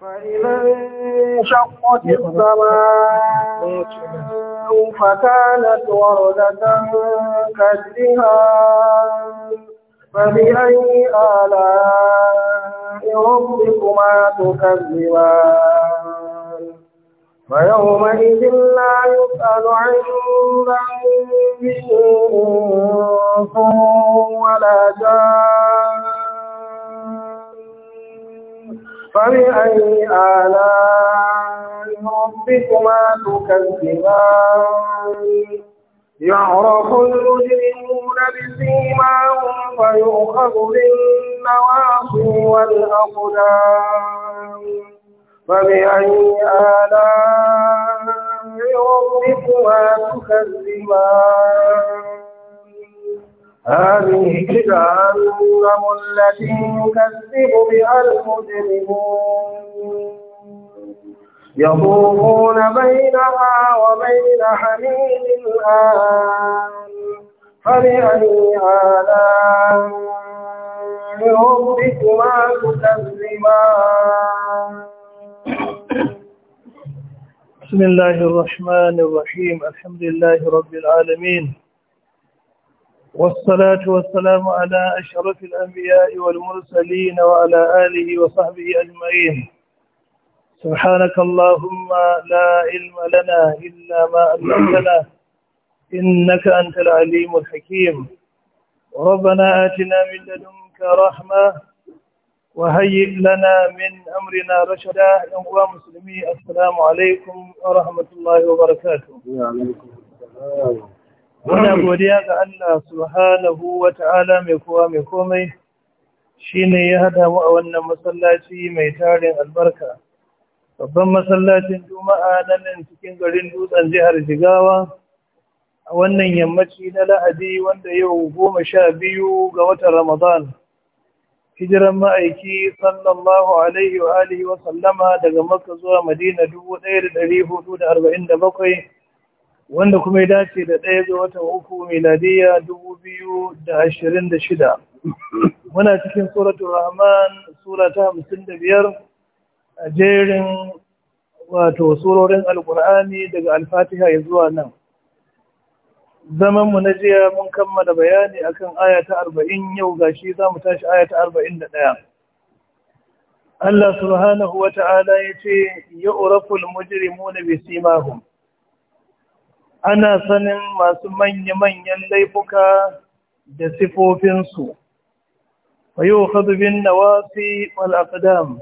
فإذا انشقت السماء فكانت وردة كالدهان فبأي آلاء ربكما تكذبان فيومئذ لا يسأل عن ذنبه إنس ولا جان فبأي آلاء ربكما تكذبان يعرف المجرمون بسيماهم فيؤخذ بالنواصي والأقدام فبأي آلاء ربكما تكذبان هذه جهنم التي يكذب بها المجرمون يطوفون بينها وبين حميم الآن فبأي آلاء ربكما تكذبان بسم الله الرحمن الرحيم الحمد لله رب العالمين والصلاة والسلام على أشرف الأنبياء والمرسلين وعلى آله وصحبه أجمعين سبحانك اللهم لا علم لنا إلا ما علمتنا إنك أنت العليم الحكيم ربنا آتنا من لدنك رحمة وهيئ لنا من أمرنا رشدا يا مسلمي السلام عليكم ورحمة الله وبركاته وعليكم السلام Muna godiya ga Allah subhanahu wa ta'ala mai kowa mai komai shi ne ya hada mu a wannan masallaci mai tarin albarka. Babban masallacin Juma'a na nan cikin garin dutsen jihar Jigawa a wannan yammaci na la'adi wanda yau goma sha biyu ga watan Ramadan. Hijiran ma'aiki sallallahu Alaihi wa Alihi wa sallama daga Makka zuwa Madina 1447 wanda kuma ya dace da ɗaya ga watan uku miladiyya dubu biyu da ashirin da shida muna cikin suratul rahman sura ta hamsin da biyar a jerin wato surorin alƙur'ani daga alfatiha ya zuwa nan zamanmu na jiya mun kammala bayani akan aya ta arba'in yau gashi za mu tashi ayata ta arba'in da ɗaya Allah subhanahu wa ta'ala ya ce ya uraful mujrimuna bi simahum ana sanin masu manya-manyan laifuka da sifofinsu wa yau na wasi wal'afadam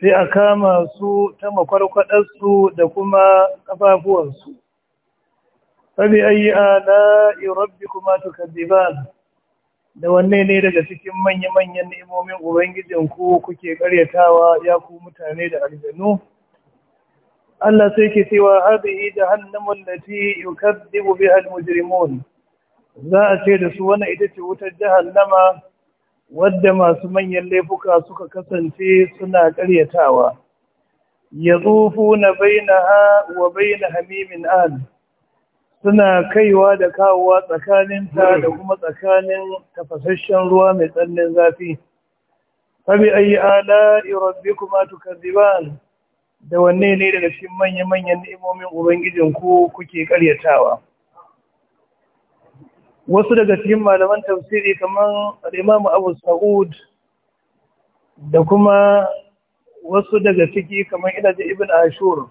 sai a kama su ta makwarkwadarsu da kuma ƙafafuwansu sabi ayi ala rabbi kuma ba. da wanne ne daga cikin manya-manyan ubangijin ubangijinku kuke karyatawa ya ku mutane da aljanu Allah sai ke cewa hadhihi jahannamu allati yukazzibu biha almujrimun za a ce da su wannan ita ce wutar jahannama wadda masu manyan laifuka suka kasance suna ƙaryatawa yadufuna bainaha wa baina hamimin an suna kaiwa da kawowa tsakaninta da kuma tsakanin tafasasshen ruwa mai tsananin zafi fabi ayi ala'i rabbikuma tukazziban da wanne ne daga cikin manya-manyan ni'imomin ubangijin ku kuke karyatawa wasu daga cikin malaman tafsiri kamar al-Imam Abu Sa'ud da kuma wasu daga ciki kamar ina ji Ibn Ashur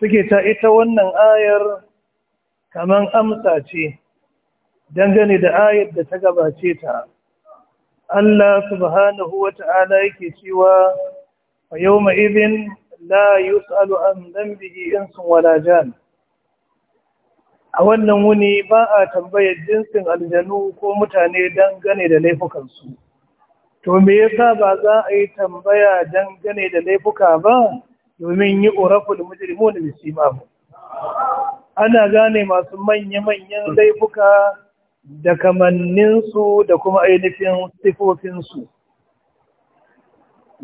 suke ta ita wannan ayar kamar amsa ce dangane da ayar da ta gabace ta Allah subhanahu wa ta'ala yake cewa a yau ma'izin لا يسأل عن ذنبه إنس ولا جان a wannan wuni ba'a a tambayar jinsin aljanu ko mutane gane da laifukansu to me yasa ba za a yi tambaya dangane da laifuka ba domin yi uraful mujrimun bisima ana gane masu manya-manyan laifuka da kamanninsu da kuma ainihin sifofinsu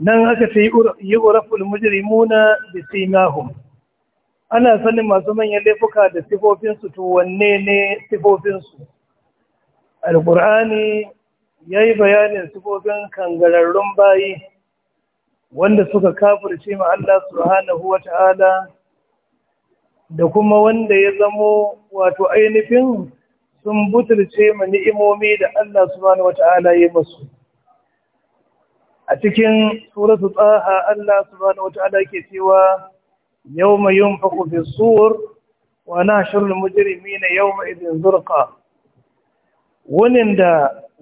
nan haka ta yi uraful mujrimuna bi simahum ana sanin masu manyan laifuka da sifofinsu to wanne ne sifofinsu alkur'ani ya yi bayanin sifofin kangararrun bayi wanda suka kafurce ma Allah subhanahu da kuma wanda ya zamo wato ainihin sun butulce ma ni'imomi da Allah subhanahu wa ta'ala ya masu a cikin suratu tsaha Allah subhanahu wata'ala ke cewa yawma yunfaqu fi sur wa nahshurul mujrimina yawma zurqa da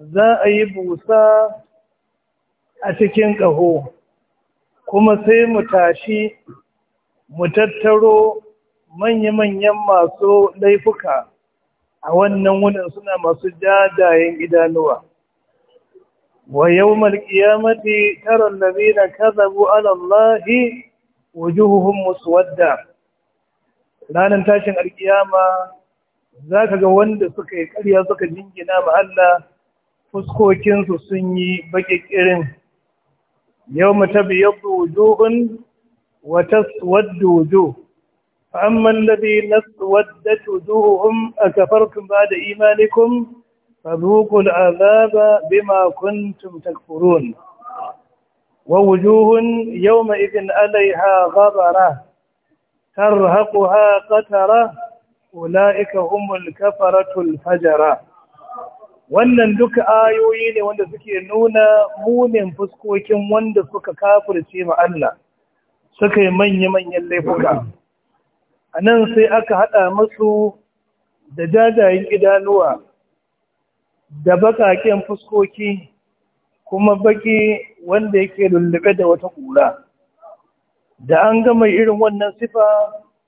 za a yi busa a cikin ƙaho kuma sai mu tashi mu tattaro manya-manyan masu laifuka a wannan wunin suna masu jajayen idanuwa ويوم القيامة ترى الذين كذبوا على الله وجوههم مسودة ranar tashin alkiyama za ka ga wanda suka yi karya suka jingina ma Allah fuskokinsu sun yi baƙiƙirin yau matabi yadda wujuhun wata wadda wujuh fa'amman labi na wadda wujuhun a kafarkun ba da imanikun فذوقوا العذاب بما كنتم تكفرون ووجوه يومئذ عليها غبرة ترهقها قترة أولئك هم الكفرة الفجرة wannan duka ayoyi ne wanda suke nuna munin fuskokin wanda suka kafirce ma Allah suka yi manya-manyan laifuka a nan sai aka haɗa masu da jajayen idanuwa da baƙaƙen fuskoki kuma baƙi wanda yake lullube da wata ƙura da an gama irin wannan sifa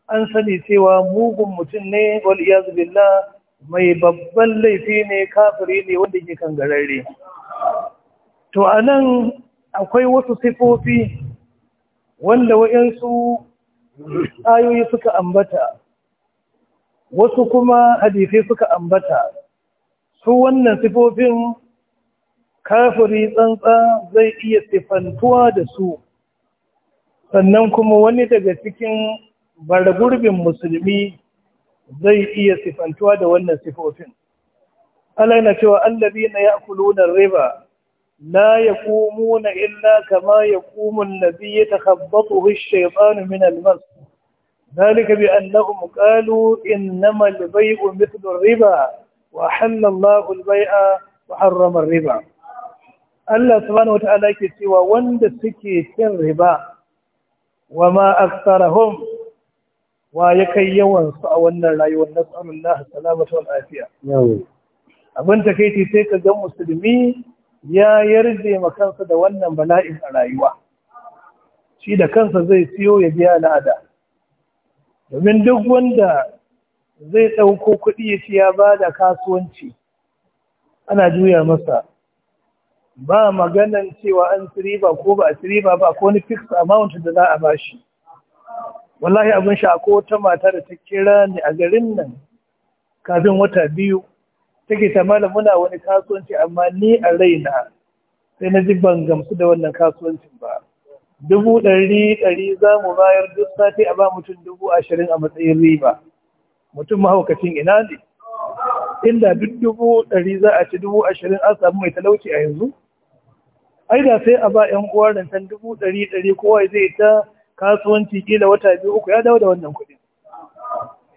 an sani cewa mugun mutum ne wal'iyazu billah mai babban laifi ne kafiri ne wanda yake gararre. to a nan akwai wasu sifofi wanda wa'yansu ayoyi suka ambata wasu kuma hadisai suka ambata su wannan sifofin kafiri tsantsa zai iya sifantuwa da su sannan kuma wani daga cikin gurbin musulmi zai iya sifantuwa da wannan sifofin Allah yana cewa allabi na ya kuluna riba la ya na illa kama ya kumun nabi ya hu shaifanu min almas ذلك بأنهم قالوا إنما البيع مثل riba. وحل الله البيع وحرم الربا Allah سبحانه وتعالى yake cewa wanda suke cin riba wa ma aktsarahum wa ya kai yawan su a wannan rayuwar nas'alullah salamatu wal afiya abin ce sai ka ga musulmi ya yarje ma kansa da wannan bala'in a rayuwa shi da kansa zai siyo ya biya la'ada domin duk wanda zai ɗauko kuɗi ya ce ya ba da kasuwanci ana juya masa ba maganan cewa an riba ko ba a siriba ba ko wani fix amount da za a ba shi wallahi abin sha ko wata mata da ta kira ni a garin nan kafin wata biyu take ta malam muna wani kasuwanci amma ni a raina sai na ji ban gamsu da wannan kasuwancin ba dubu ɗari ɗari za mu bayar duk sati a ba mutum dubu ashirin a matsayin riba mutum mahaukacin ina ne inda duk dubu ɗari za a ci dubu ashirin an samu mai talauci a yanzu ai da sai a ba yan uwa rancen dubu ɗari ɗari kowa zai ta kasuwanci kila wata biyu uku ya dawo da wannan kuɗi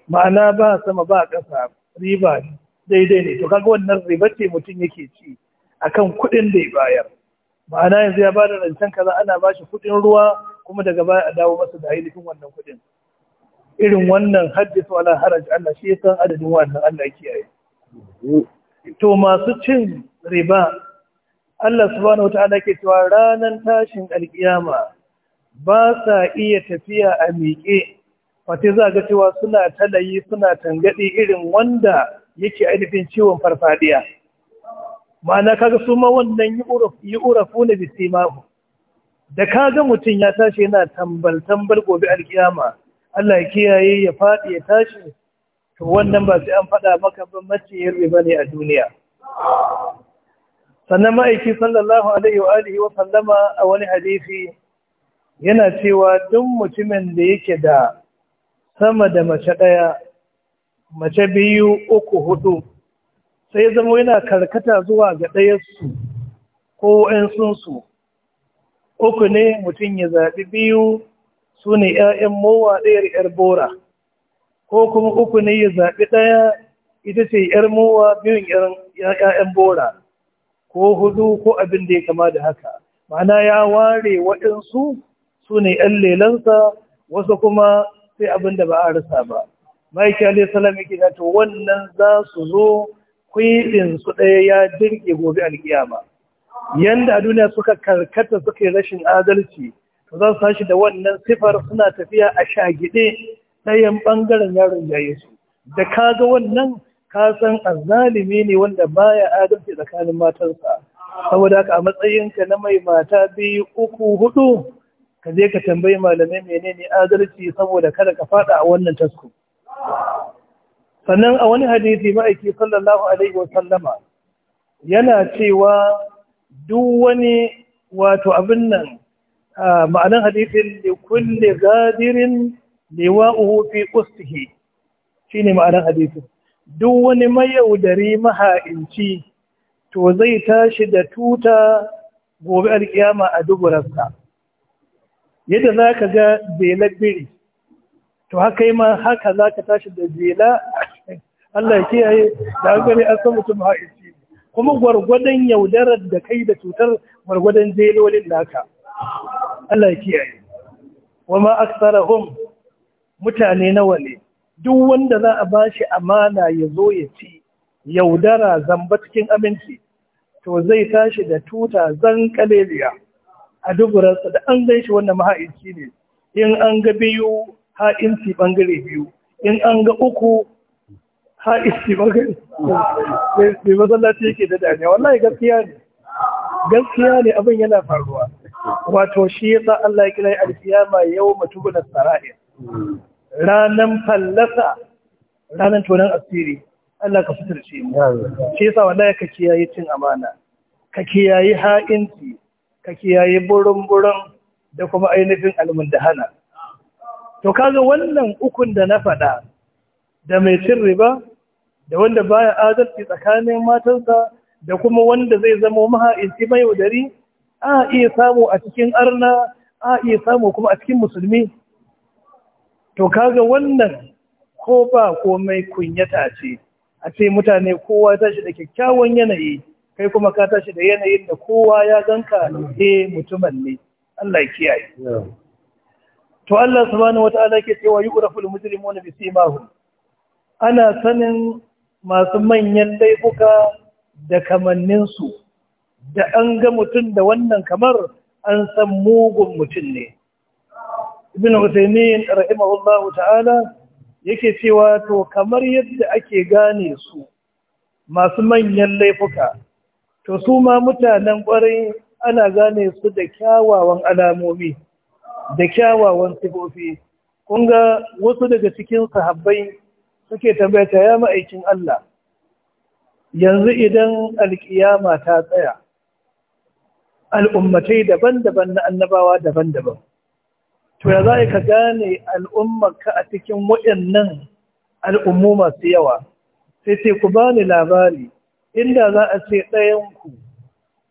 ma'ana ba sama ba ƙasa riba daidai ne to kaga wannan riba ce mutum yake ci akan kuɗin da ya bayar ma'ana yanzu ya bada rancen kaza ana ba shi kuɗin ruwa kuma daga baya a dawo masa da ainihin wannan kuɗin irin wannan hadis wala haraj Allah shi ya san adadin wannan Allah kiyaye to masu cin riba Allah subhanahu wataala ke cewa ranan tashin alkiyama ba sa iya tafiya a miƙe fate za ga cewa suna talayi suna tangaɗe irin wanda yake ainihin ciwon farfadiya ma'ana kaga su ma wannan yi urafu na bisimahu da kaga mutum ya tashi yana tambal tambal gobe alkiyama Allah ya kiyaye ya faɗi ya tashi to wannan ba sai an faɗa maka ba maciyar riba ne a duniya sannan ma'aiki sallallahu alaihi wa alihi wa sallama a wani hadisi yana cewa duk mutumin da yake da sama da mace ɗaya mace biyu uku hudu sai zama yana karkata zuwa ga ɗayarsu ko 'yan sunsu uku ne mutum ya zaɓi biyu su ne ‘ya'yan mowa ɗayar ‘yar bora ko kuma uku ne ya zaɓi ɗaya ita ce ‘yar mowa biyun ‘ya'yan bora ko hudu ko abin da ya kama da haka ma'ana ya ware waɗansu su ne ‘yan lelansa wasu kuma sai abin da ba a rasa ba maiki yake na to wannan za su zo kwiɗinsu ɗaya ya jirge gobe alkiyama yanda a duniya suka karkata suka yi rashin adalci za su tashi da wannan sifar suna tafiya a shagide ɗayan ɓangaren yaron yayi su da ka ga wannan ka san azalimi ne wanda baya adalci tsakanin matarsa saboda haka a matsayinka na mai mata biyu uku hudu ka je ka tambayi malamai menene adalci saboda kada ka faɗa a wannan tasko sannan a wani hadisi ma'aiki sallallahu alaihi wa sallama yana cewa duk wani wato abin nan ma'anar hadisin da kulle gadirin liwa'uhu fi shi ne ma'anar hadisin duk wani mayaudari maha'inci to zai tashi da tuta gobe alkiyama a duburarsa yadda za ka ga zela biri to haka yi ma haka za ka tashi da zela Allah ya kiyaye da hankali an san mutum ha'inci kuma gwargwadon yaudarar da kai da cutar gwargwadon zelolin naka Allah ya kiyaye wama aksarahum mutane nawa ne duk wanda za a bashi amana ya zo ya ci yaudara zamba cikin aminci to zai tashi da tuta zan kaleliya a duburarsa da an gan shi wannan mahaici ne in an ga biyu ha'inci bangare biyu in an ga uku ha'inci bangare bai masallaci yake da dane wallahi gaskiya ne gaskiya ne abin yana faruwa wato shi ya sa Allah ya kira alkiyama yau na sara'ir ranan fallasa ranan tonon asiri Allah ka fitar ce mu shi yasa wallahi ka kiyaye cin amana ka kiyaye ha'inci ka kiyaye burin-burin da kuma ainihin hana. to kaga wannan ukun da na faɗa da mai cin riba da wanda baya adalci tsakanin matansa da kuma wanda zai zama maha'inci mai yaudari a iya samu a cikin arna a iya samu kuma a cikin musulmi to kaga wannan ko ba komai kunyata ce a ce mutane kowa tashi da kyakkyawan yanayi kai kuma ka tashi da yanayin da kowa ya ganka ne mutumin ne Allah ya kiyaye to Allah subhanahu wataala ke cewa yu'raful mujrimuna simahu ana sanin masu manyan laifuka da kamanninsu da an ga mutum da wannan kamar an san mugun mutum ne ibn Uthaymeen rahimahullahu ta'ala yake cewa to kamar yadda ake gane su masu manyan laifuka to su ma mutanen ƙwarai ana gane su da kyawawan alamomi da kyawawan sifofi kun wasu daga cikin sahabbai suke tambayata ya ma'aikin Allah yanzu idan alkiyama ta tsaya al'ummatai daban-daban na annabawa daban-daban to ya za ka gane al'ummarka a cikin waɗannan al'ummu masu yawa sai ce ku bani labari inda za a ce ɗayanku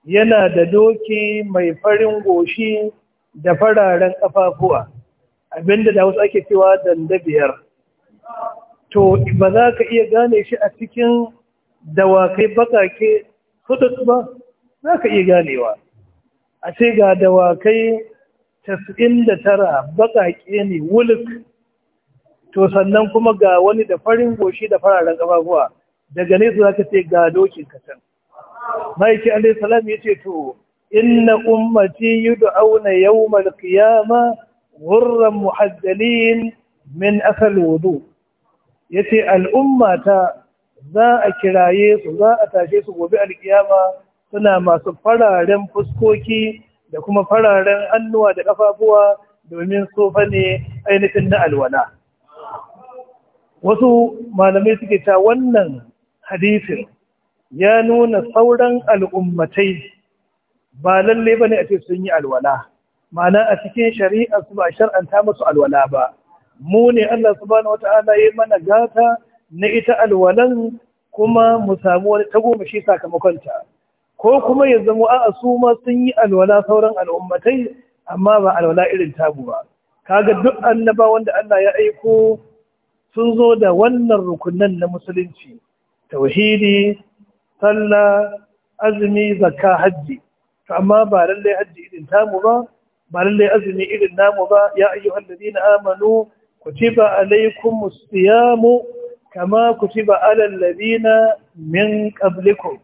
yana da doki mai farin goshi da fararen ƙafafuwa abinda da wasu ake cewa danda dandabiyar to ba za ka iya gane shi a cikin dawakai bakake hudus ba za ka iya ganewa a ce ga dawakai tas'in da tara baƙaƙe ne wuluk to sannan kuma ga wani da farin goshi da fararen ƙafafuwa daga nesa za ka ce ga dokin kacan maiki alaihi salam ya ce to inna ummati yau yawmal qiyama wurin muhaddalin min asal wudu yace al'ummata za a kiraye su za a tashe su gobe alkiyama suna masu fararen fuskoki da kuma fararen hannuwa da ƙafafuwa domin sofa ne ainihin na alwala wasu malamai suke ta wannan hadisin ya nuna sauran al'ummatai ba lalle ba ne a ce sun yi alwala mana a cikin shari'a su ba shar'anta musu alwala ba mu ne Allah subhanahu wata'ala ya mana gata na ita alwalan kuma mu samu wani tagomashi sakamakonta ko kuma ya zama a su ma sun yi alwala sauran al'ummatai amma ba alwala irin tabu ba kaga duk annaba wanda Allah ya aiko sun zo da wannan rukunan na musulunci tauhidi sallah azumi zakka hajji to amma ba lallai hajji irin tamu ba ba lallai azumi irin namu ba ya ayyuhal ladina amanu kutiba alaykumus siyamu kama kutiba alal ladina min qablikum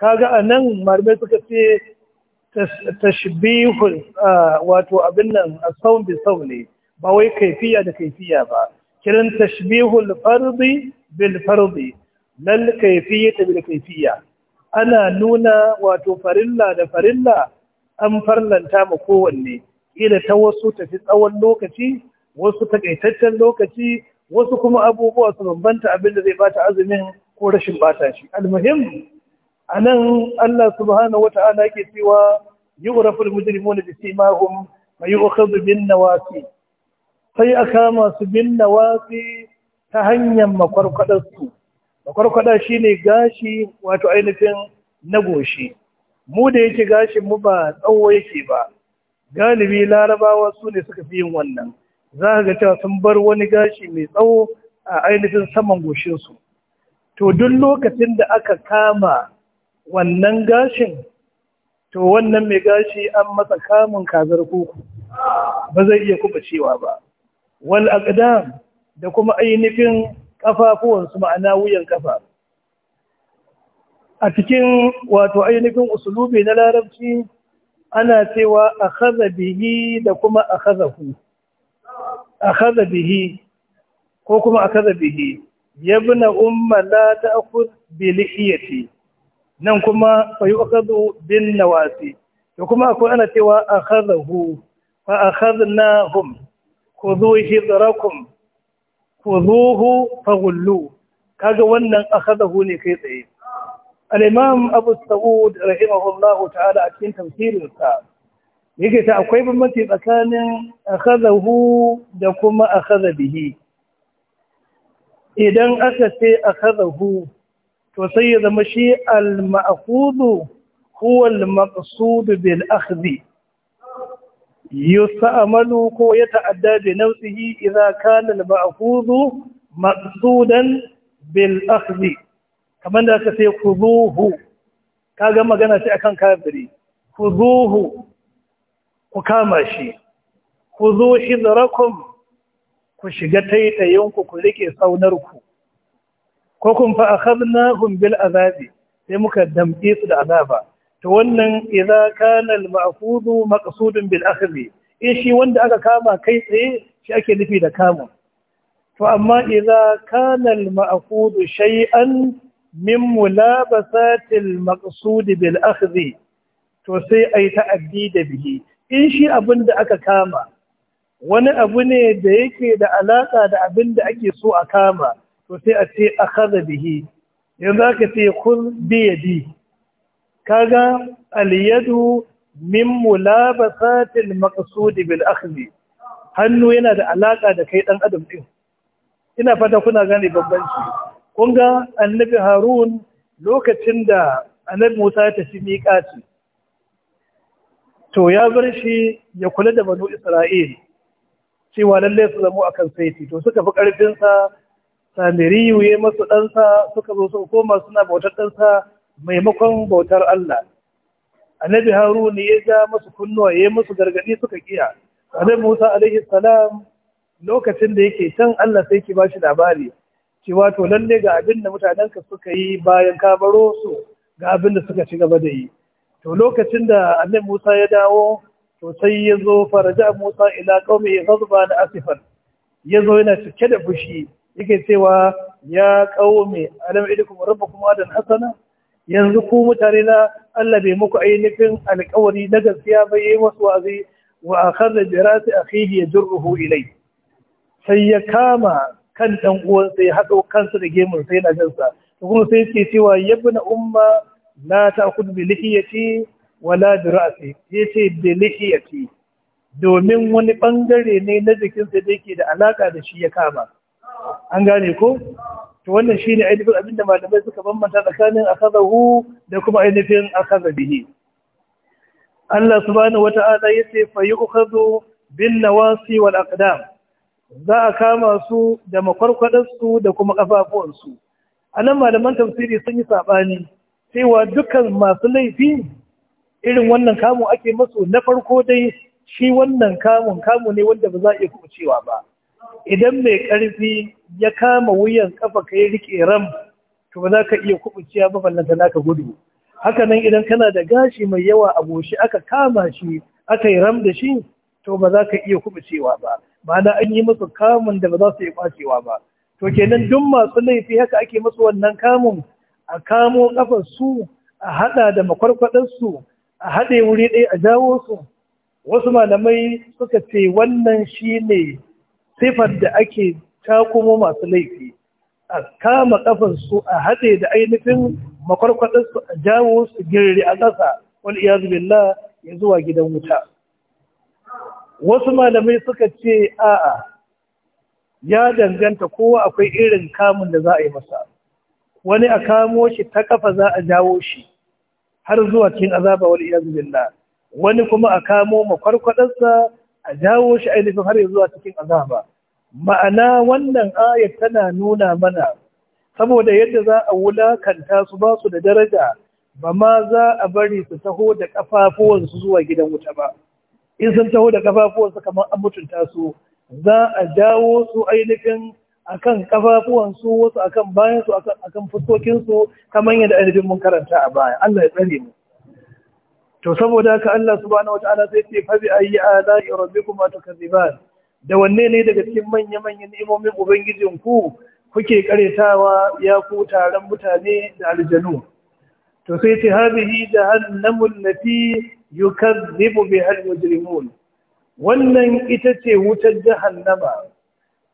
kaga a nan marmai suka ce tashbihul wato abin nan a saun bi sau ne ba wai kaifiya da kaifiya ba kiran tashbihul fardi bil fardi lal kaifiyata bil kaifiya ana nuna wato farilla da farilla an farlanta ma kowanne ila ta wasu tafi tsawon lokaci wasu takaitaccen lokaci wasu kuma abubuwa su bambanta abin da zai bata azumin ko rashin bata shi almuhim a nan Allah subhanahu wa ta'ala yake cewa yi ƙurafin mujrimuna bi simahum wa yu'khadhu bin nawasi sai a kama su bin nawasi ta hanyar makwarkwadar su makwarkwada shine gashi wato ainihin na goshi mu da yake gashin mu ba tsawo yake ba galibi larabawa su ne suka fi yin wannan za ga cewa sun bar wani gashi mai tsawo a ainihin saman goshinsu to duk lokacin da aka kama wannan gashin to wannan mai gashi an masa kamun kazar kuku ba zai iya kuɓa cewa ba wal aqdam da kuma ainihin su ma'ana wuyan kafa a cikin wato ainihin usulubi na larabci ana cewa akhadha bihi da kuma akhadhahu akhadha bihi ko kuma akhadha bihi yabna umma la ta'khud bi lihiyati nan kuma fa yu'khadhu bin nawasi to kuma akwai ana cewa akhadhu fa akhadnahum khudhu hidrakum khudhuhu faghullu kaga wannan akhadhu ne kai tsaye al-imam abu sa'ud rahimahullahu ta'ala a cikin tafsirin sa yake ta akwai bambanci tsakanin akhadhu da kuma akhadha idan aka ce akhadhu to sai ya zama shi al-ma'khudhu huwa al-maqsud bil akhdhi yusta'malu ko ya ta'adda bi nafsihi idza kana al-ma'khudhu maqsudan bil akhdhi kamar da aka sai khuduhu kaga magana a akan kafiri khuduhu ku kama shi da hidrakum ku shiga taitayinku ku rike saunarku ko kun fa akhadnahum bil azabi sai muka damke su da azaba to wannan idza kana al ma'khudhu maqsudun bil akhdhi in eh, shi wanda aka kama kai tsaye shi ake nufi da kamun to amma idza kana al ma'khudhu shay'an min mulabasatil maqsud bil akhdhi to sai ai ta'addi da bihi in shi abin da aka kama wani abu ne da yake da alaka da abin da ake so a kama to sai a ce akhadha bihi yanzu aka ce kun biyadi kaga al-yadu min mulabasatil maqsud bil akhdhi hannu yana da alaƙa da kai ɗan adam ɗin. ina fata kuna gane bambanci kun ga annabi harun lokacin da annabi musa ya tafi miƙaci to ya bar shi ya kula da banu isra'il cewa lallai su zamo a kan saiti to suka fi ƙarfinsa samiriyu ya masu ɗansa suka zo sun koma suna bautar ɗansa maimakon bautar Allah annabi haruna ya ja masu kunnuwa ya masu gargaɗi suka kiya annabi musa alaihi salam lokacin da yake can Allah sai ki bashi labari cewa to lalle ga abin da mutanenka suka yi bayan ka baro su ga abin da suka ci gaba da yi to lokacin da annabi musa ya dawo to sai ya zo faraja musa ila qaumi ghadban asifan ya zo yana cike da fushi yake cewa ya kaume alam idikum rabbukum adan hasana yanzu ku mutane na Allah bai muku ainihin alƙawari na gaskiya bai yi masu wazi wa akhadha bi ra'si akhihi yajruhu ilai sai ya kama kan dan uwansa ya haɗo kansa da gemun sai na jinsa kuma sai yake cewa yabna umma la ta'khudh bi lihiyati wala bi ra'si yace bi lihiyati domin wani bangare ne na jikinsa da yake da alaka da shi ya kama an gane ko to wannan shine ainihin abinda malamai suka bambanta tsakanin akhadahu da kuma ainihin akhadha bihi Allah subhanahu wata'ala yace fa yu'khadhu bin nawasi wal aqdam za a kama su da su da kuma kafafuwar a nan malaman tafsiri sun yi saɓani cewa dukkan masu laifi irin wannan kamun ake masu na farko dai shi wannan kamun kamu ne wanda ba za a iya kucewa ba idan mai ƙarfi ya kama wuyan kafa ka yi rike ram to ba za ka iya kubuciya ba ballanta naka gudu haka nan idan kana da gashi mai yawa a goshi aka kama shi aka yi ram da shi to ba za ka iya kubucewa ba ma'ana an yi musu kamun da ba za su yi kwacewa ba to kenan duk masu laifi haka ake musu wannan kamun a kamo kafar su a hada da makwarkwadar su a haɗe wuri ɗaya a jawo su wasu malamai suka ce wannan shine sifar da ake takumo masu laifi a kama kafansu a haɗe da ainihin makwarkwadarsu a jawo su girri a ƙasa wani iya ya zuwa gidan wuta wasu malamai suka ce a'a ya danganta kowa akwai irin kamun da za a yi masa wani a kamo shi ta kafa za a jawo shi har zuwa cin azaba wani iya wani kuma a kamo makwarkwadarsa a jawo shi ainihin har zuwa cikin azaba ma'ana wannan ayat tana nuna mana saboda yadda za a wulakanta su ba su da daraja ba ma za a bari su taho da kafafuwansu zuwa gidan wuta ba in sun taho da kafafuwansu kamar an mutunta su za a jawo su ainihin akan kafafuwansu wasu akan bayansu akan fuskokinsu kamar yadda ainihin mun karanta a baya Allah ya tsare mu to saboda haka Allah subhanahu wataala sai ce fa bi ayi ala'i rabbikum tukazziban da wanne ne daga cikin manya-manyan imomin ubangijin ku kuke karetawa ya ku taron mutane da aljanu to sai ce hadhihi jahannamu allati yukazzibu biha almujrimun wannan ita ce wutar jahannama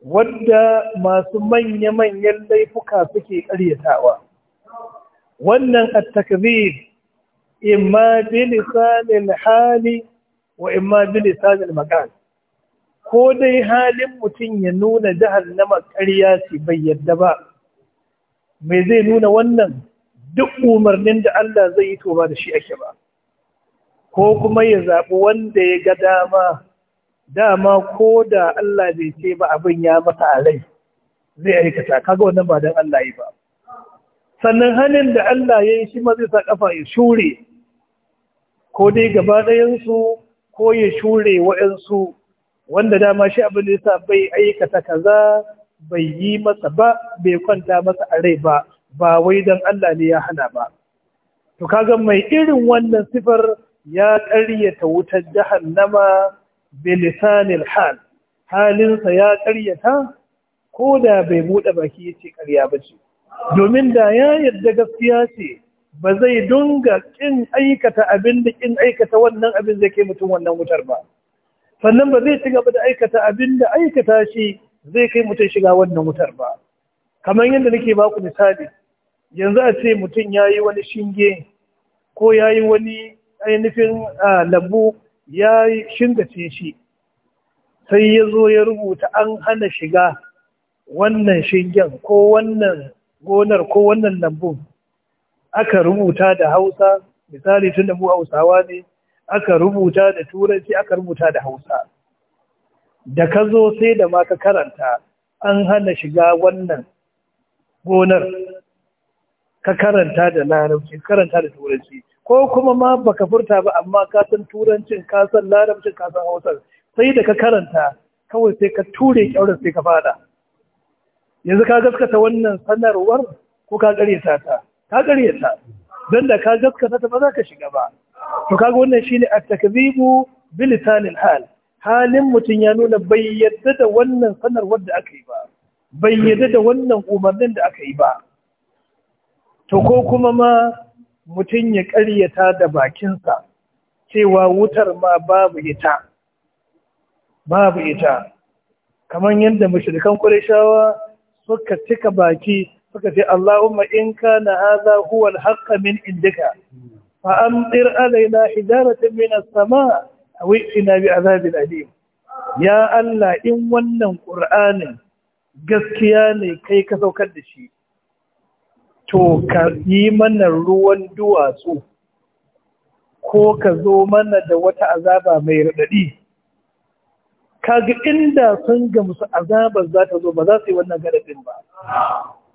wadda masu manya-manyan laifuka suke karyatawa wannan at-takzib imma bi lisanil hali wa imma bi lisanil maqal ko dai halin mutum ya nuna jahannama ƙarya ce bai yadda ba me zai nuna wannan duk umarnin da Allah zai yi to da shi ake ba ko kuma ya zaɓi wanda ya ga dama dama ko da Allah bai ce ba abin ya masa a rai zai aikata kaga wannan ba don Allah yi ba sannan hannun da Allah ya yi shi ma zai sa kafa ya shure ko dai gaba ɗayansu ko ya shure wa'yansu wanda dama shi abin da bai aikata kaza bai yi masa ba bai kwanta masa a rai ba ba wai don Allah ne ya hana ba to kaga mai irin wannan sifar ya ƙaryata wutar jahannama bilisanil hal halinsa ya ƙaryata ko da bai buɗe baki ya ce ƙarya ba ce domin da ya yarda gaskiya ce ba zai dunga ƙin aikata abin da kin aikata wannan abin zai kai mutum wannan wutar ba sannan ba zai ci gaba da aikata abin da aikata shi zai kai mutum shiga wannan wutar ba kamar yadda nake ba ku misali yanzu a ce mutum ya yi wani shinge ko ya yi wani ainihin lambu ya yi shingace shi sai ya zo ya rubuta an hana shiga wannan shingen ko wannan gonar ko wannan lambun aka rubuta da hausa misali tun da mu hausawa ne aka rubuta da turanci aka rubuta da hausa da ka zo sai da ma ka karanta an hana shiga wannan gonar ka karanta da larabci karanta da turanci ko kuma ma baka furta ba amma ka san turancin ka san larabcin ka san hausar sai da ka karanta kawai sai ka ture kyaurin sai ka fada yanzu ka gaskata wannan sanarwar ko ka gare ta ka karyata, don da ka gaskata ta ba za ka shiga ba to kaga wannan shine ne takzibu bi lisanil hal halin mutum ya nuna bai yadda da wannan sanarwar da aka yi ba bai yadda da wannan umarnin da aka yi ba to ko kuma ma mutum ya karyata da bakinsa cewa wutar ma babu ita babu ita kamar yadda mashirikan shawa suka cika baki suka ce Allahumma in kana hadha huwa al-haqq min indika fa amtir alaina hijaratan min as-samaa aw ina bi adhabin alim ya Allah in wannan qur'anin gaskiya ne kai ka saukar da shi to ka yi mana ruwan duwatsu ko ka zo mana da wata azaba mai radadi kaga inda sun gamsu azabar za ta zo ba za su yi wannan garadin ba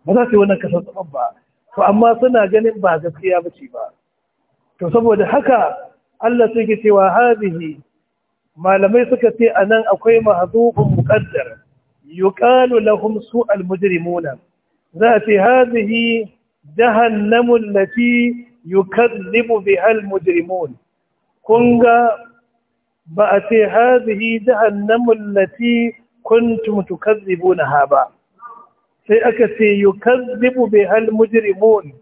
ba za su yi wannan kasar tsafan ba to amma suna ganin ba gaskiya ba ce ba to saboda haka Allah sai ke cewa hazihi malamai suka ce a nan akwai mahazufin muƙaddar Yuƙalu lahum su almujrimuna za a ce hazihi jahannamu allati yukazzibu biha al kun ga ba a ce hazihi jahannamu allati kuntum tukazzibunaha ba sai aka ce zibu bai hal mujirimun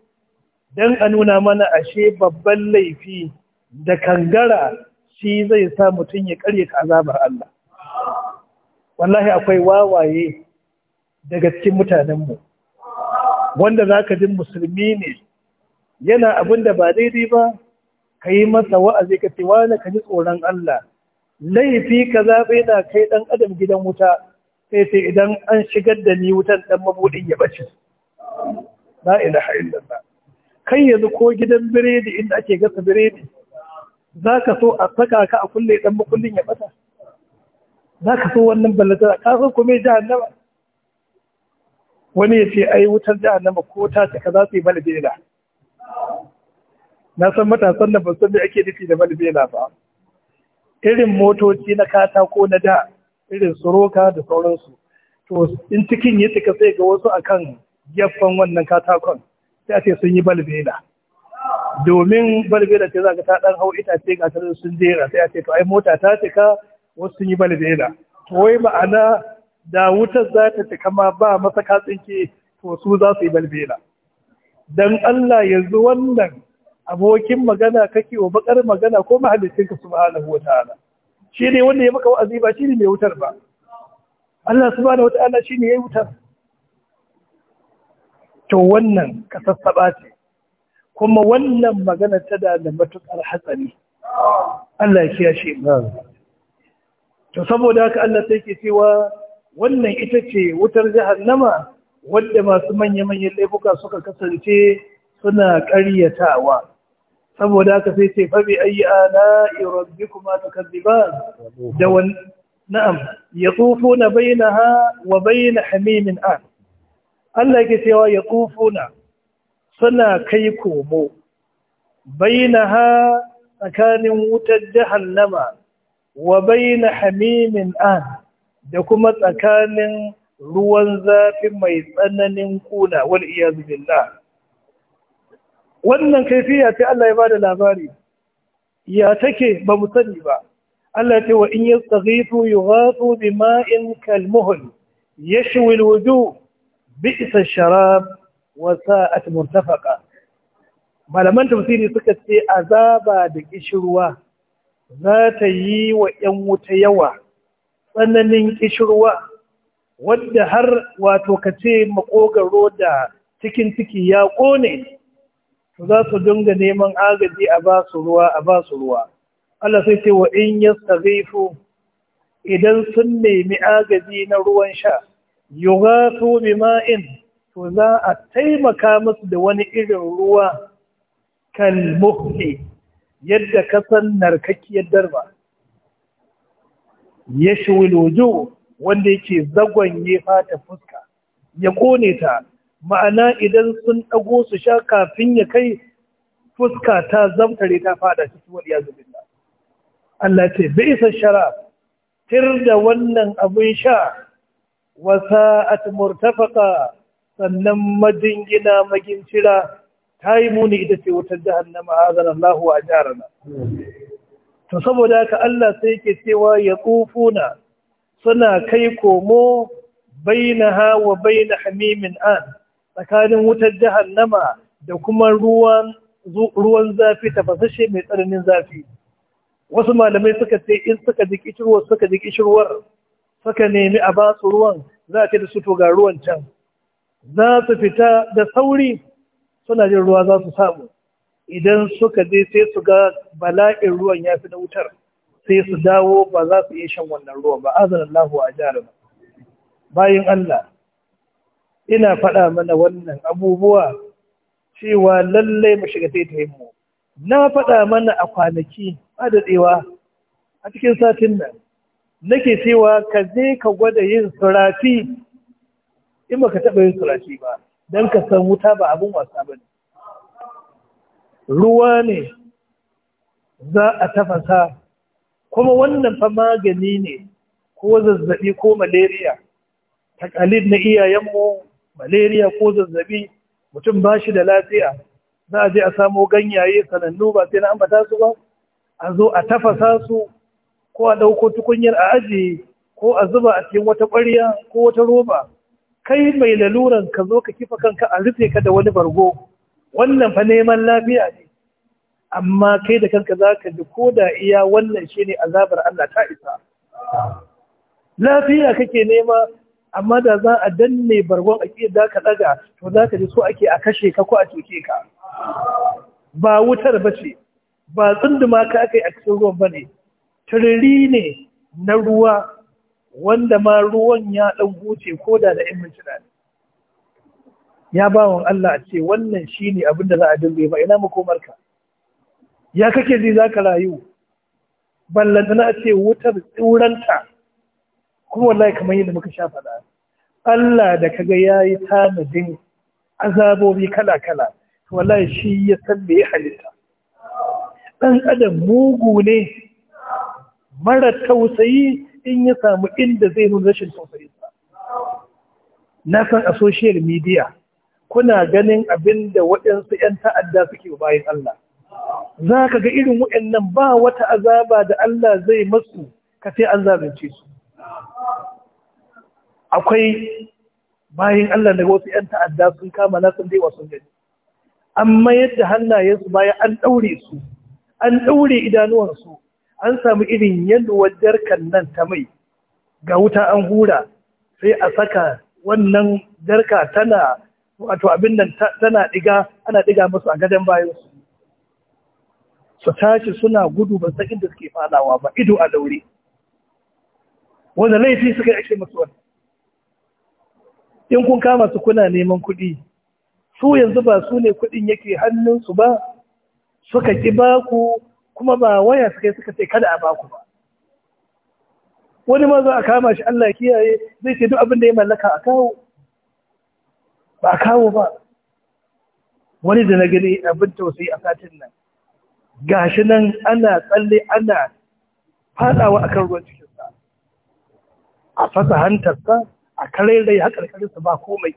don a nuna mana ashe babban laifi da kangara shi zai sa mutum ya karye azabar Allah wallahi akwai wawaye daga cikin mutanenmu wanda za ka ji musulmi ne yana abin da ba daidai ba ka yi masa wa'azi ka ce wani ka ji tsoron Allah laifi ka zaɓe na kai ɗan adam gidan wuta sai sai idan an shigar da ni wutan dan mabudin ya bace la ilaha illallah kai yanzu ko gidan biredi inda ake gasa biredi zaka so a saka ka a kulle dan makullin ya bata zaka so wannan ballata ka san kuma jahannama wani ya ce ai wutar jahannama ko ta ce su yi balbela na san matasan da ban san me ake nufi da balbela ba irin motoci na katako na da irin suroka da sauransu to in cikin ya cika sai ga wasu akan gefen wannan katakon sai a ce sun yi balbela domin balbela ce za ka ta dan hau itace ga tare sun jera sai a ce to ai mota ta cika wasu sun yi balbela to wai ma'ana da wutar za ta cika ma ba masa katsinke to su za su yi balbela dan Allah yanzu wannan abokin magana kake wa bakar magana ko mahallicin ka subhanahu wataala shi ne wanda ya maka wa'azi ba shi ne mai wutar ba Allah wata wata'ala shi ne ya yi wutar to wannan sassaɓa ce kuma wannan magana ta da matuƙar hatsari Allah ya shi to saboda haka Allah sai ke cewa wannan ita ce wutar jahannama wadda masu manya-manyan laifuka suka kasance suna ƙaryatawa saboda haka sai ce fa bi ayi ala rabbikuma da wan na'am yatufuna bainaha wa bain hamimin an Allah yake cewa yatufuna suna kai komo bainaha tsakanin wutar jahannama wa baina hamimin an da kuma tsakanin ruwan zafi mai tsananin kuna wal billah wannan kaifiya ce Allah ya ba da labari ya take ba mu sani ba Allah ce wa in yastaghifu yughathu bima'in kalmuhl yashwi alwudu bi'sa sharab wa sa'at murtafaqa malaman tafsiri suka ce azaba da kishirwa za ta yi wa ‘yan wuta yawa tsananin kishirwa wadda har wato ka ce makogaro da cikin ciki ya ƙone to za su dinga neman agaji a ba su ruwa a ba su ruwa Allah sai ce wa in yastaghifu idan sun nemi agaji na ruwan sha yughathu bima'in to za a taimaka musu da wani irin ruwa kal muhli yadda kasan narkakkiyar darba yashwil wujuh wanda yake zagwanye fata fuska ya kone ta ma'ana idan sun ɗago su sha kafin ya kai fuska ta zamtare ta fada cikin wani ya zubin da Allah ce bai isa shara tir da wannan abin sha wasa at murtafaka sannan majingina magincira ta yi muni ita ce wutar jahannama azan Allah wa jarana to saboda haka Allah sai ke cewa ya tsufuna suna kai komo bainaha wa bain hamimin an tsakanin wutar nama da kuma ruwan zafi tafasashe mai tsananin zafi wasu malamai suka ce in suka ji kishirwar suka ji kishirwar suka nemi a basu ruwan za ta da su to ga ruwan can za su fita da sauri suna jin ruwa za su samu idan suka je sai su ga bala'in ruwan ya fi da wutar sai su dawo ba za su iya shan wannan ruwan ba azan Allah wa bayan Allah ina faɗa mana wannan abubuwa cewa lallai mu shiga taitayin mu na faɗa mana a kwanaki ba da tsewa a cikin satin nan nake cewa ka je ka gwada yin surafi in ba ka taɓa yin surafi ba don ka san wuta ba abin wasa ba ne ruwa ne za a tafasa kuma wannan fa magani ne ko zazzaɓi ko malaria takalid na iyayenmu malaria ko zazzabi mutum ba shi da lafiya za a je a samo ganyaye sanannu ba sai na ambata su ba a zo a tafasa su ko a ɗauko tukunyar a aji ko a zuba a cikin wata ƙwarya ko wata roba kai mai laluran ka zo ka kifa kanka a rufe ka da wani bargo wannan fa neman lafiya ne amma kai da kanka za ka ji ko da iya wannan shi ne azabar Allah ta isa lafiya kake nema amma da za a danne bargon a da ka daga to za ka ji so ake a kashe ka ko a coke ka ba wutar ba ce ba tsunduma ka aka yi a cikin ruwan ba ne turiri ne na ruwa wanda ma ruwan ya ɗan huce ko da da ‘yan mintuna ne. Ya ba wa Allah a ce wannan shi ne abinda za a dinga ba ina makomarka. Ya kake ji za ka rayu, ballantana a ce wutar tsuranta kuma wallahi kamar yadda muka sha faɗa Allah da kaga yayi tanadin azabobi kala-kala to wallahi shi ya san me halitta dan adam mugu ne mara tausayi in ya samu inda zai nuna rashin tausayi na san a social media kuna ganin abin da waɗansu 'yan ta'adda suke bayan Allah za ka ga irin waɗannan ba wata azaba da Allah zai masu ka sai an zalunce su akwai bayan Allah daga wasu 'yan ta'adda sun kama na sun daiwa sun gani an mayar da hannayensu bayan an ɗaure su an ɗaure idanuwansu an samu irin yalwar jarkan nan ta mai ga wuta an hura sai a saka wannan jarka tana wato abin nan tana ɗiga ana ɗiga masu a gadon bayansu su tashi suna gudu ba san inda suke fadawa ba ido a ɗaure wanda laifi suka yi masu wani in kun kama su kuna neman kuɗi su yanzu ba su ne kuɗin yake hannunsu ba suka ki baku kuma ba waya suka yi suka ce kada a baku ba wani ma za a kama shi Allah kiyaye zai ce duk abin da ya mallaka a kawo ba a kawo ba wani da na gani abin tausayi a satin nan gashi nan ana tsalle ana fadawa akan ruwan cikin a fasa hantarsa a karai rai haƙarƙarinsa ba komai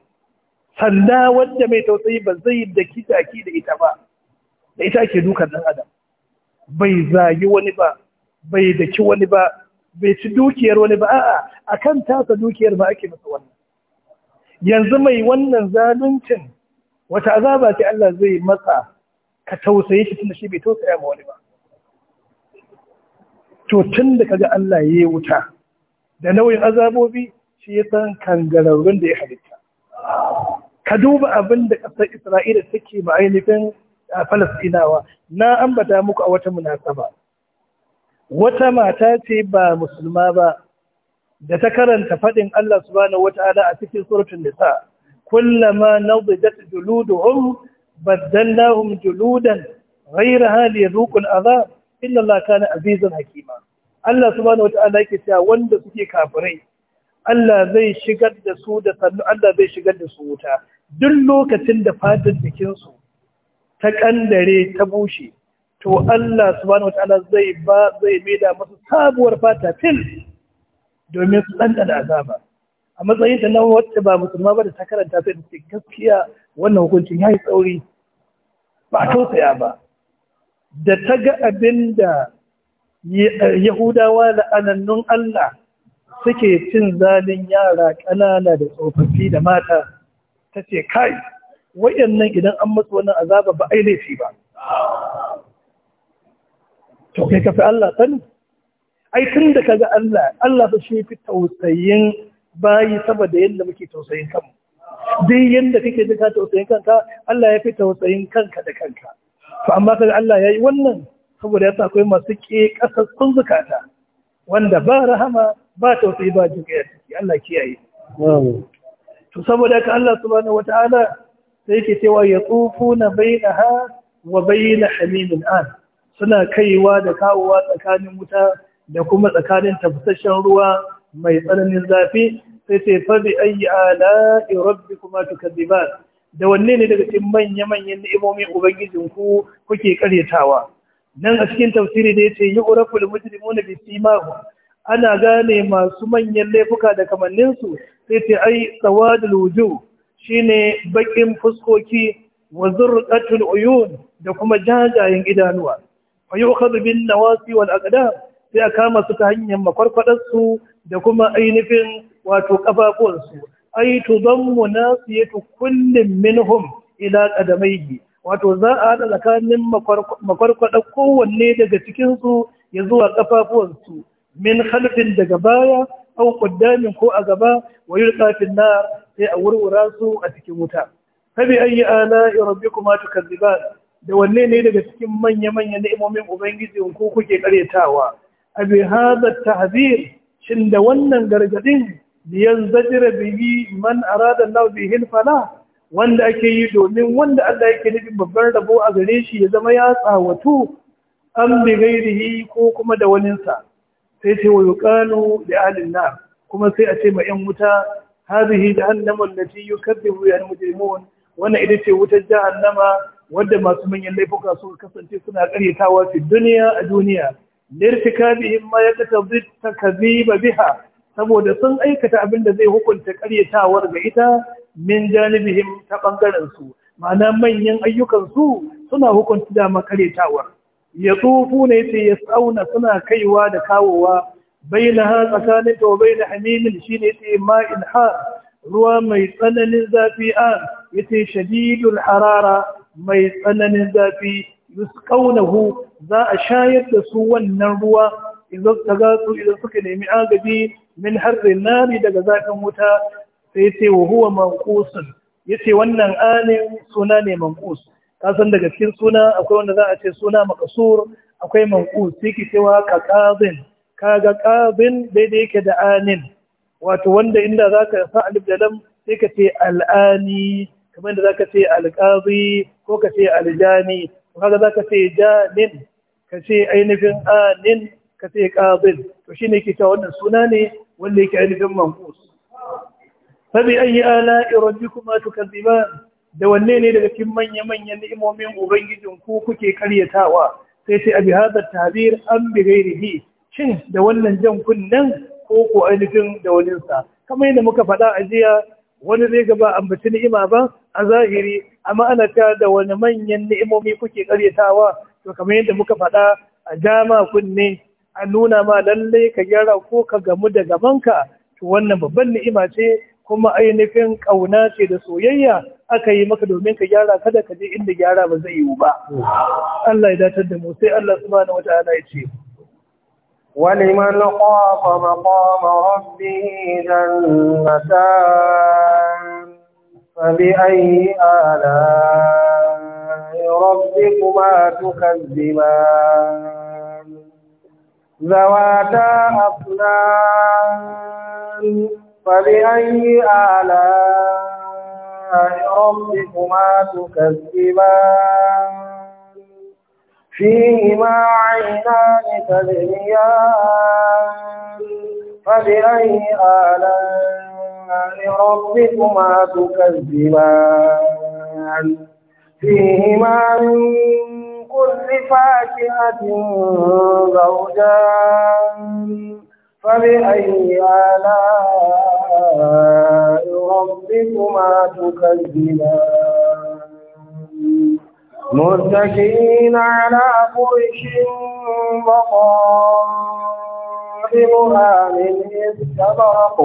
sanda wadda mai tausayi ba zai da kitaki da ita ba da ita ke dukan ɗan adam bai zagi wani ba bai daki wani ba bai ci dukiyar wani ba a'a kan tasa dukiyar ba ake masa wannan yanzu mai wannan zaluncin wata azaba ce Allah zai masa ka tausaye shi tunda shi bai tausaya ma wani ba to tun da kaga Allah ya yi wuta da nauyin azabobi shi ya san kangararrun da ya halitta ka duba abin da ƙasar isra'ila take ma ainihin falasɗinawa na ambata muku a wata munasaba wata mata ce ba musulma ba da ta karanta faɗin Allah subhanahu wata'ala a cikin suratul nisa kullama nawdat juluduhum baddalnahum juludan ghayraha liyadhuqul adhab illa Allah kana azizan hakima Allah subhanahu wata'ala yake cewa wanda suke kafirai Allah zai shigar da su da sannu Allah zai shigar da su wuta duk lokacin da fatan jikin su ta kandare ta bushe to Allah subhanahu wata'ala zai ba zai maida musu sabuwar fata fil domin su da azaba a matsayin ta nan wacce ba musulma ba da ta karanta sai da gaskiya wannan hukuncin ya yi tsauri ba a tausaya ba da ta ga abinda. Eh, yahudawa la'anannun Allah suke cin zalin yara ƙanana da tsofaffi da mata ta ce kai wayannan idan an matsu wannan azaba ba ai laifi ba to kai ka fi Allah sani ai tun da kaga Allah Allah ba shi fi tausayin bayi saboda yadda muke tausayin kanmu dai yadda kake da tausayin kanka Allah ya fi tausayin kanka da kanka to amma kaga Allah yi wannan saboda yasa akwai masu ke sun zukata wanda ba rahama ba tausayi ba jiga ciki Allah kiyaye to saboda ka Allah wata wataala sai yake cewa ya na ha wa bai na hamimin an suna kaiwa da kawowa tsakanin wuta da kuma tsakanin tafasasshen ruwa mai tsananin zafi sai sai fa ayi ala rabbikuma ba, da wanne ne daga cikin manya-manyan ni'imomin ubangijinku kuke karyatawa nan a cikin tafsiri da ya ce yace yu'rafu al-mujrimuna bisi mahu ana gane masu manyan laifuka da kamanninsu, sai ce ai lujo shi ne baƙin fuskoki wa zurqatul uyun da kuma jajayen idanuwa A fa yu'khadhu bin nawasi wal aqdam sai a kama su ta hanyar makwarkwadarsu da kuma ainihin wato ai kafafuwan su ai tudammu nasiyatu kullin minhum ila ƙadamai wato za a haɗa tsakanin makwarkwaɗa kowanne daga cikinsu ya zuwa ƙafafuwansu min halifin daga baya au ƙuddamin ko a gaba wa yi tsafin na sai a wurwura su a cikin wuta tabi an yi ala rabbi kuma ta tukazziba da wanne ne daga cikin manya-manyan ni'imomin ubangiji ko kuke karyatawa abi ta tahzir shin da wannan gargadin biyan zajira bihi man arada Allah hin fala wanda ake yi domin wanda Allah yake nufin babban rabo a gare shi ya zama ya tsawatu an bi gairihi ko kuma da waninsa sai ce wa yuqalu li ahlin nar kuma sai a ce ma yan wuta hadhihi jahannamu allati yukaththibu ya mujrimun wannan ita ce wutar jahannama wadda masu manyan laifuka suka kasance suna karyatawa fi duniya a duniya lirtikabihim ma yakatadhu takdhiba biha saboda sun aikata abin da zai hukunta karyatawar ga ita min janibihim ta bangaren su ma'ana manyan ayyukan su suna hukunta dama karyatawar ya tsufu ne sai ya sauna suna kaiwa da kawowa bainaha tsakanin ta wa hamimin shine yace ma'in ha ruwa mai tsananin zafi a yace shadidul harara mai tsananin zafi yusqawnahu za a shayar da su wannan ruwa idan kaga su idan suka nemi agaji min harrin nari daga zafin wuta sai ce wa huwa manqusun yace wannan anin suna ne manqus kasan daga cikin suna akwai wanda za a ce suna makasur akwai manqus yake cewa ka qazin kaga qazin daidai yake da anin wato wanda inda zaka sa alif da lam sai ka ce al'ani kamar da zaka ce alqazi ko ka ce aljani kaga zaka ce janin ka ce ainihin anin ka sai bin! to shine yake ta wannan suna ne wanda yake ainihin manqus fa bi ayi ala'i rabbikuma tukaziban da wanne ne daga cikin manya manyan ni'imomin ubangijin ku kuke karyatawa sai sai abi hadha tabir an bi gairihi shin da wannan jan kunnen ko ko ainihin da waninsa kamar yadda muka faɗa a jiya wani zai gaba ambaci ni'ima ba a zahiri amma ana ta da wani manyan ni'imomi kuke karyatawa to kamar yadda muka faɗa a dama kunne a nuna ma lallai ka gyara ko ka gamu da gamanka to wannan babban ni'ima ce kuma ainihin ƙauna ce da soyayya aka yi maka domin ka gyara kada ka je inda gyara ba zai yiwu ba Allah ya datar da mu sai Allah subhanahu wataala ya ce ولمن خاف مقام ربه جنتان فبأي آلاء ربكما تكذبان ذواتا أفنان فبأي آلاء ربكما تكذبان فيهما عينان تجريان فبأي آلاء ربكما تكذبان فيهما من كل فاكهة زوجان فبأي آلاء ربكما تكذبان متكئين على فرش مقامها من استبرق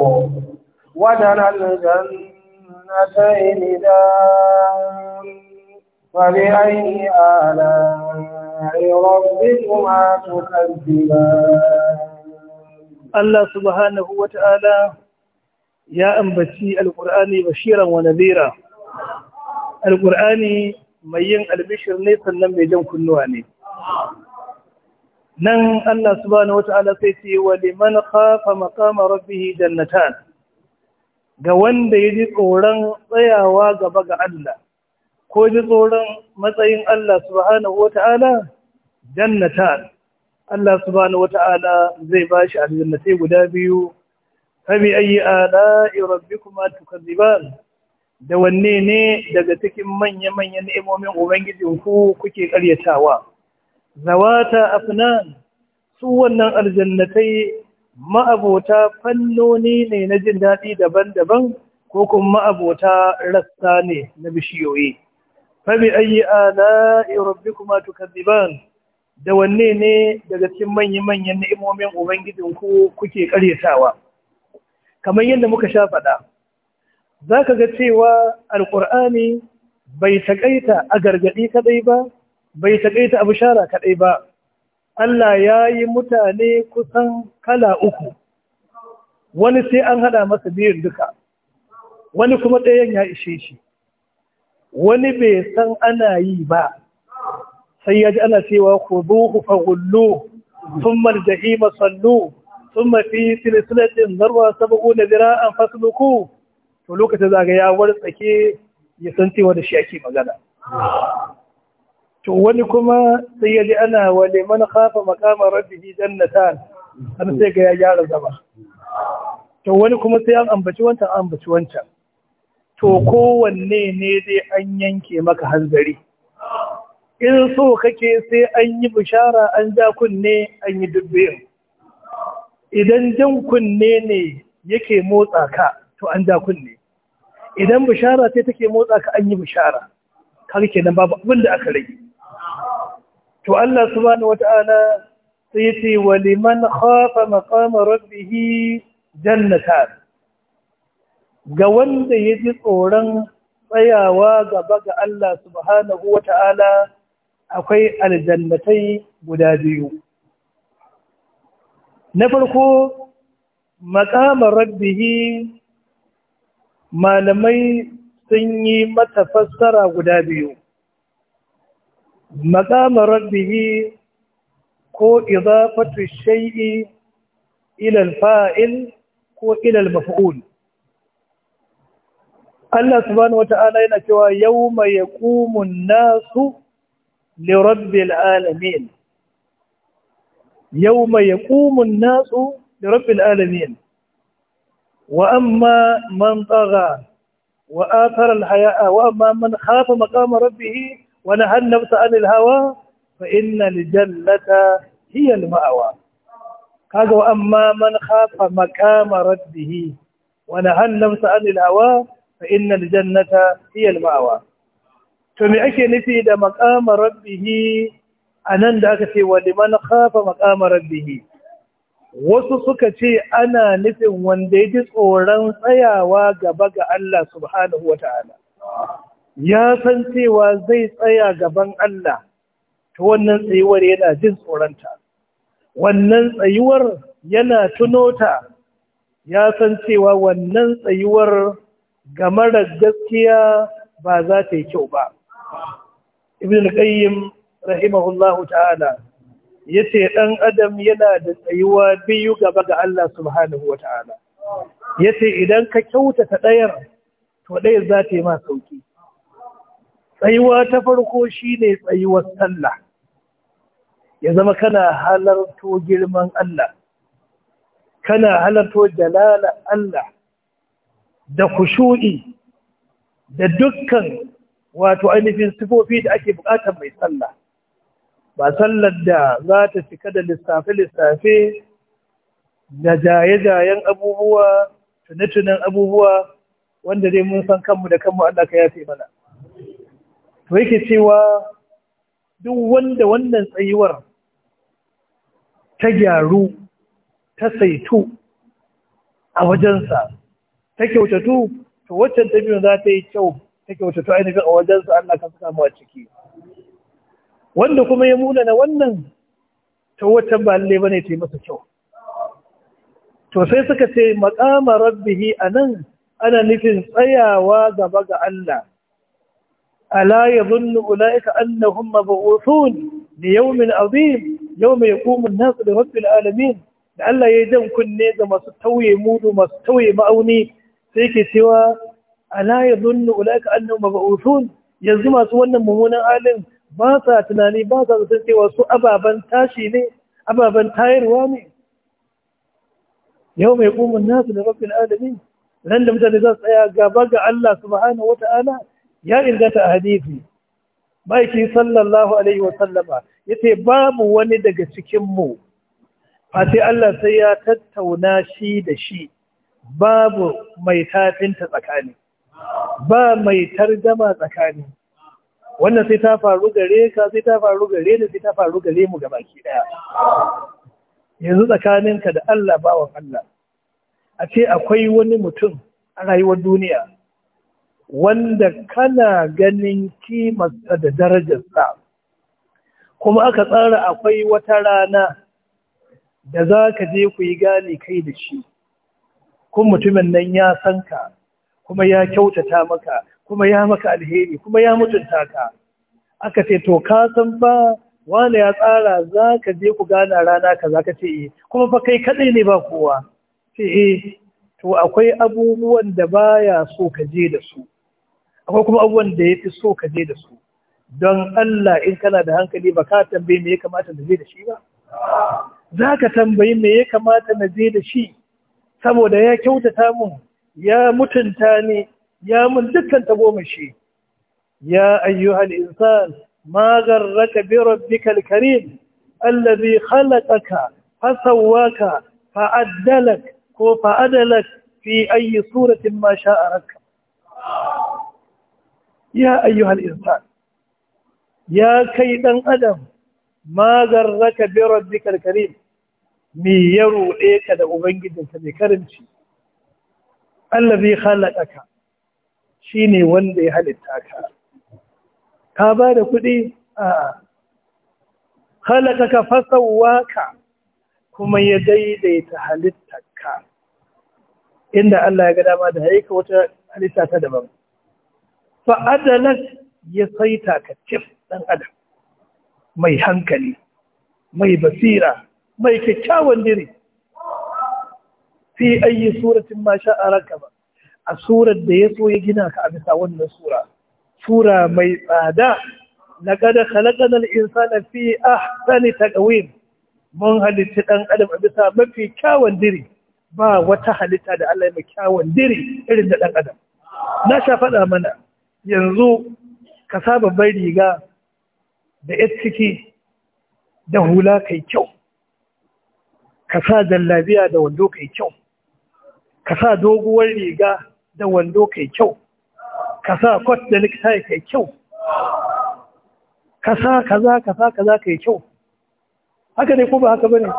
ودنا الجنتين دان فبأي آلاء ربكما تكذبان الله سبحانه وتعالى يا أنبتي القرآن بشيرا ونذيرا القرآن mai yin albishir ne sannan mai jan kunnuwa ne nan Allah subhanahu wata'ala sai ce wa liman khafa maqama rabbih jannatan ga wanda yaji tsoron tsayawa gaba ga Allah ko ji tsoron matsayin Allah subhanahu wa ta'ala jannatan Allah subhanahu wa ta'ala zai ba shi aljannatai guda biyu fami ayi ala rabbikuma tukaziban da wanne ne daga cikin manya-manyan ni'imomin ubangijin ku kuke karyatawa zawata afnan su wannan aljannatai ma'abota fannoni ne na jin daɗi daban-daban ko kuma ma'abota rassa ne na bishiyoyi fami ayi ala rabbikuma tukadziban da wanne ne daga cikin manyan manyan ni'imomin ubangijin ku kuke karyatawa kamar yadda muka sha faɗa zaka ga cewa alqur'ani bai taƙaita a gargadi kadai ba bai taƙaita a bishara kadai ba Allah ya yi mutane kusan kala uku wani sai an haɗa masa biyun duka wani kuma ɗayan ya ishe shi wani bai san ana yi ba sai ya ji ana cewa ku zuhu fagullu sun marjahi masallu sun mafi silisilatin zarwa sabu na an fasluku to lokacin zaga ya wartsake ya san cewa da shi ake magana to wani kuma sai ya ji ana wa liman khafa maqama rabbihi jannatan har sai ga ya gyara zama to wani kuma sai an ambaci wancan an ambaci wancan to kowanne ne dai an yanke maka hanzari in so kake sai an yi bishara an ja kunne an yi dubbe idan jan kunne ne yake motsa ka to an ja kunne idan bishara sai take motsa ka an yi bishara ke nan babu abinda aka rage to Allah subhanahu wata'ala sai ce wa liman khafa maqama rabbih jannatan ga wanda ya ji tsoron tsayawa gaba ga Allah subhanahu wa ta'ala akwai aljannatai guda biyu. Na farko, maƙamar rabbihi malamai sun yi mata fassara guda biyu. Maƙamar rabbihi ko izafatu shai'i ilal fa'il ko ilal mafi’uli. Allah subhanahu wata'ala yana cewa yawma yaqumu an-nasu li rabbil alamin yawma yaqumu an-nasu li rabbil alamin wa amma man tagha wa athara al-haya'a wa amma man khafa maqama rabbih wa nahana an-nafsa 'anil hawa fa inna al-jannata hiya al-ma'wa kaga wa amma man khafa maqama rabbih wa nahana an-nafsa 'anil hawa fa innal jannata hiya al-ma'wa to me ake nufi da maqama rabbihi anan da aka ce wa liman khafa maqama rabbihi wasu suka ce ana nufin wanda ya ji tsoron tsayawa gaba ga Allah subhanahu wata'ala ya san cewa zai tsaya gaban Allah ta wannan tsayuwar yana jin tsoronta wannan tsayuwar yana tunota ya san cewa wannan tsayuwar ga marar gaskiya ba za ta yi kyau ba ibn al-qayyim rahimahullahu ta'ala yace ɗan adam yana da tsayuwa biyu gaba ga Allah subhanahu wata'ala yace idan ka kyautata dayar to dayar za ta yi ma sauki tsayuwa ta farko shine tsayuwar sallah ya zama kana halarto girman Allah kana halarto jalala Allah da kushu'i da dukkan wato ainihin sifofi da ake buƙatar mai sallah ba sallar da za ta cika da lissafe-lissafe da jaye-jayen abubuwa tune abubuwa wanda dai mun san kanmu da kanmu Allah ka yafe mana to yake cewa duk wanda wannan tsayuwar ta gyaru ta saitu a wajensa ta kyautatu to waccan ta biyun za ta yi kyau ta kyautatu ainihin a su Allah ka saka a ciki wanda kuma ya muna na wannan ta waccan ba lalle bane ta yi masa kyau to sai suka ce maqama rabbihi anan ana nufin tsayawa gaba ga Allah ala yadhunnu ulaika annahum mab'uthun li yawmin azim yawma yaqumu an-nasu li rabbil alamin da Allah ya yi jan kunne ga masu tauye mudu masu tauye ma'auni sai ke cewa ala yadhunnu ulaika annahum mab'uthun yanzu masu wannan mummunan halin ba sa tunani ba sa zaton cewa su ababen tashi ne ababen tayarwa ne yau mai kumun nasu da rabbil alamin ran da mutane za su tsaya gaba ga Allah subhanahu wata'ala ya inganta a hadisi maiki sallallahu alaihi wa sallama yace babu wani daga cikin mu fa sai Allah sai ya tattauna shi da shi babu mai tafinta tsakani ba mai targama tsakani wannan sai ta faru gare ka sai ta faru gare ni sai ta faru gare mu baki daya yanzu tsakaninka da Allah bawan Allah a ce akwai wani mutum a rayuwar duniya wanda kana ganin kimarsa da darajarsa kuma aka tsara akwai wata rana da za ka je ku yi gane kai da shi Kun mutumin nan ya san ka kuma ya kyautata maka kuma ya maka alheri kuma ya mutunta ka aka ce to ka san fa wani ya tsara za ka je ku gana rana ka za ka ce eh kuma fa kai kaɗai ne ba kowa ce eh to akwai abubuwan da baya so ka je da su akwai kuma abubuwan da ya fi so ka je da su don Allah in kana da hankali ba ka tambayi me ya kamata na je da shi ba za ka tambayi me ya kamata na je da shi saboda ya kyautata mun ya mutunta ni ya mun dukkan tagomashi ya ayyuhal insan ma garraka bi rabbikal karim allazi khalaqaka fasawwaka fa'addalak ko fa'adalak fi ayi suratin ma sha'a raka ya ayyuhal insan ya kai dan adam ma garraka bi rabbikal karim me ya ruɗe ka da ubangijinka mai karanci Allah zai halaka shi ne wanda ya halitta ka ka ba da kuɗi a halaka ka fasawa ka kuma ya daidaita halittarka inda Allah ya ga dama da haika wata halitta ta daban fa'adalat ya saita ka cif ɗan adam mai hankali mai basira mai kyakkyawan diri fi ayi suratin ma sha'a ba. a surar da ya so ya gina ka a bisa wannan sura sura mai tsada laqad khalaqana al na fi a ta taqwim mun halitta ɗan adam a bisa mafi kyawan diri ba wata halitta da Allah mai kyawan diri irin da ɗan adam na sha faɗa mana yanzu ka saba bai riga da yar ciki da hula kai kyau ka sa jallabiya da wando kai kyau ka sa doguwar riga da wando kai kyau ka sa kwat da niktai kai kyau ka sa kaza ka sa kaza kai kyau haka ne ko ba haka bane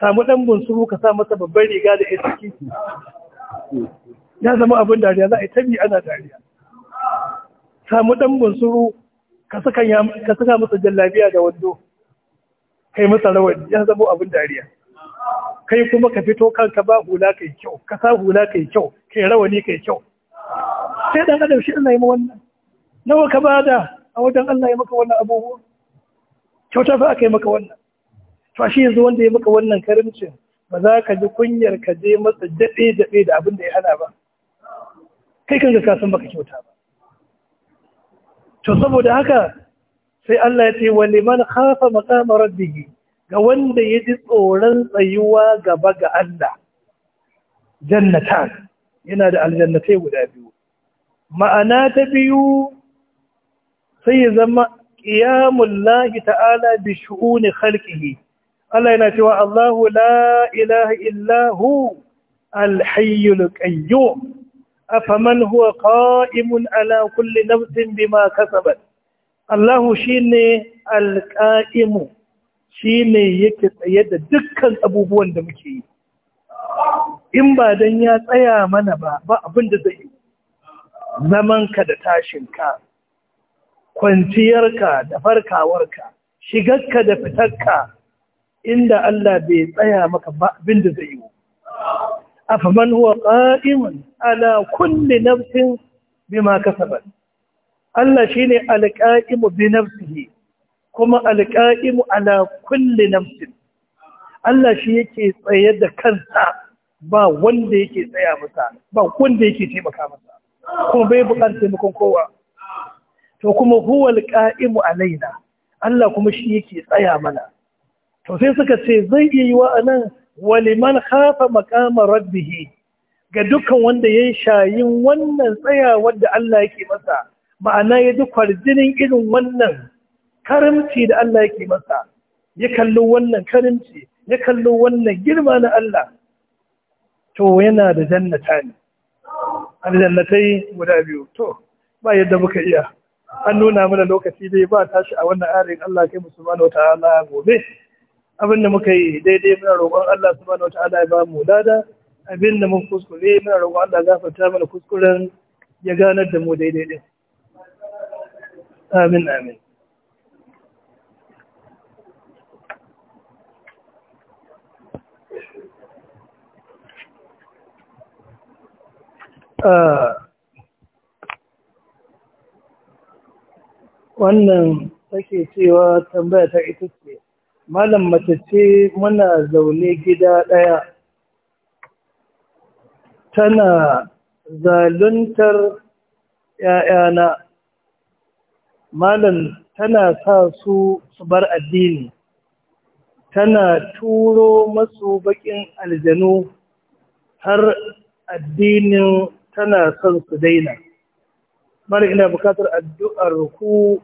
samu dan bunsuru ka sa masa babban riga da iski ya zama abin dariya za a yi tabi ana dariya samu dan bunsuru ka saka masa jallabiya da wando kai masa rawani ya zama abin dariya kai kuma ka fito kanka ba hula kai kyau ka sa hula kai kyau kai rawani kai kyau sai dan adam shi Allah ya yi wannan nawa ka bada a wajen Allah ya maka wannan abubuwa kyauta fa aka yi maka wannan to shi yanzu wanda ya maka wannan karimcin ba za ka ji kunyar ka je masa dade dade da abin da ya hana ba kai kan ka san baka kyauta ba to saboda haka sai Allah ya ce waliman liman khafa maqama rabbih ga wanda ya ji tsoron tsayuwa gaba ga Allah jannatan yana da aljannatai guda biyu ma'ana ta biyu sai ya zama qiyamul lahi ta'ala bi shu'uni khalqihi Allah yana cewa Allahu la ilaha illa hu al-hayyul qayyum afaman huwa qa'imun ala kulli nafsin bima kasabat Allahu shine shi ne yake tsaye da dukkan abubuwan da muke yi in ba don ya tsaya mana ba ba abin da zai yi zamanka da tashinka kwanciyarka da farkawarka shigarka da fitarka inda Allah bai tsaya maka ba abin da zai yi A afaman huwa ƙa’imun ala kulli nafsin kasa ba. Allah shine alqaimu bi nafsihi kuma Alƙa'imu ala kulli nafsin Allah shi yake tsaye da kansa ba wanda yake tsaya masa ba wanda yake taimaka masa kuma bai buƙatar taimakon kowa to kuma Alƙa'imu alaina Allah kuma shi yake tsaya mana to sai suka ce zai iya yi wa waliman khafa maqama rabbihi ga dukkan wanda yayin shayin wannan tsayawar da Allah yake masa ma'ana ya ji kwarjinin irin wannan karimci da Allah yake masa ya kallo wannan karimci ya kallo wannan girma na Allah to yana da jannata ne jannatai guda biyu to ba yadda muka iya an nuna mana lokaci dai ba tashi a wannan arin Allah kai mu subhanahu ala gobe abin da muka yi daidai muna roƙon Allah subhanahu wataala ya ba mu lada abin da mun kuskure muna roƙon Allah gafarta mana kuskuren ya ganar da mu daidai din amin amin wannan take cewa tambaya ta ita ce malam mace ce muna zaune gida ɗaya tana zaluntar ‘ya'yana malam tana sa su su bar addini tana turo masu bakin aljanu har addinin tana son su daina mara ina bukatar addu'ar ku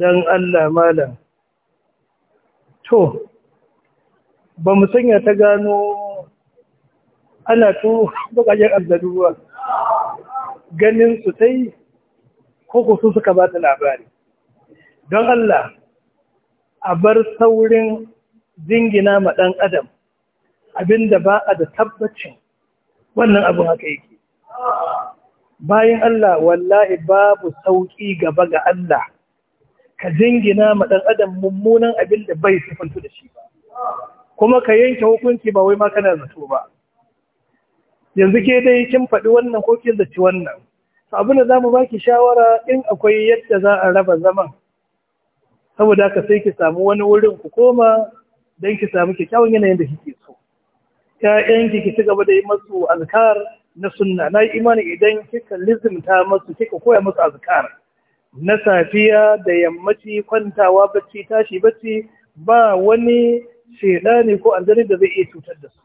don Allah malam to ba mu sanya ta gano ana turo bakajen aljanu ganin su ta yi ko ko su suka bata labari don Allah a bar saurin jingina ma ɗan adam abinda ba a da tabbacin wannan abin haka yake bayan Allah wallahi babu sauƙi gaba ga Allah ka jingina ma ɗan adam mummunan abinda bai sifantu da shi ba kuma ka yanke hukunci ba wai ma kana zato ba yanzu ke dai kin faɗi wannan ko kin zaci wannan abinda da za mu baki shawara in akwai yadda za a raba zaman saboda ka sai ki samu wani wurin ku koma don ki samu kyakkyawan yanayin da kike so ƴaƴanki ki ci gaba da yi masu azkar na sunna na yi imani idan kika lizimta masu kika koya masu azkar na safiya da yammaci kwantawa bacci tashi bacci ba wani shedani ko aljani da zai iya cutar da su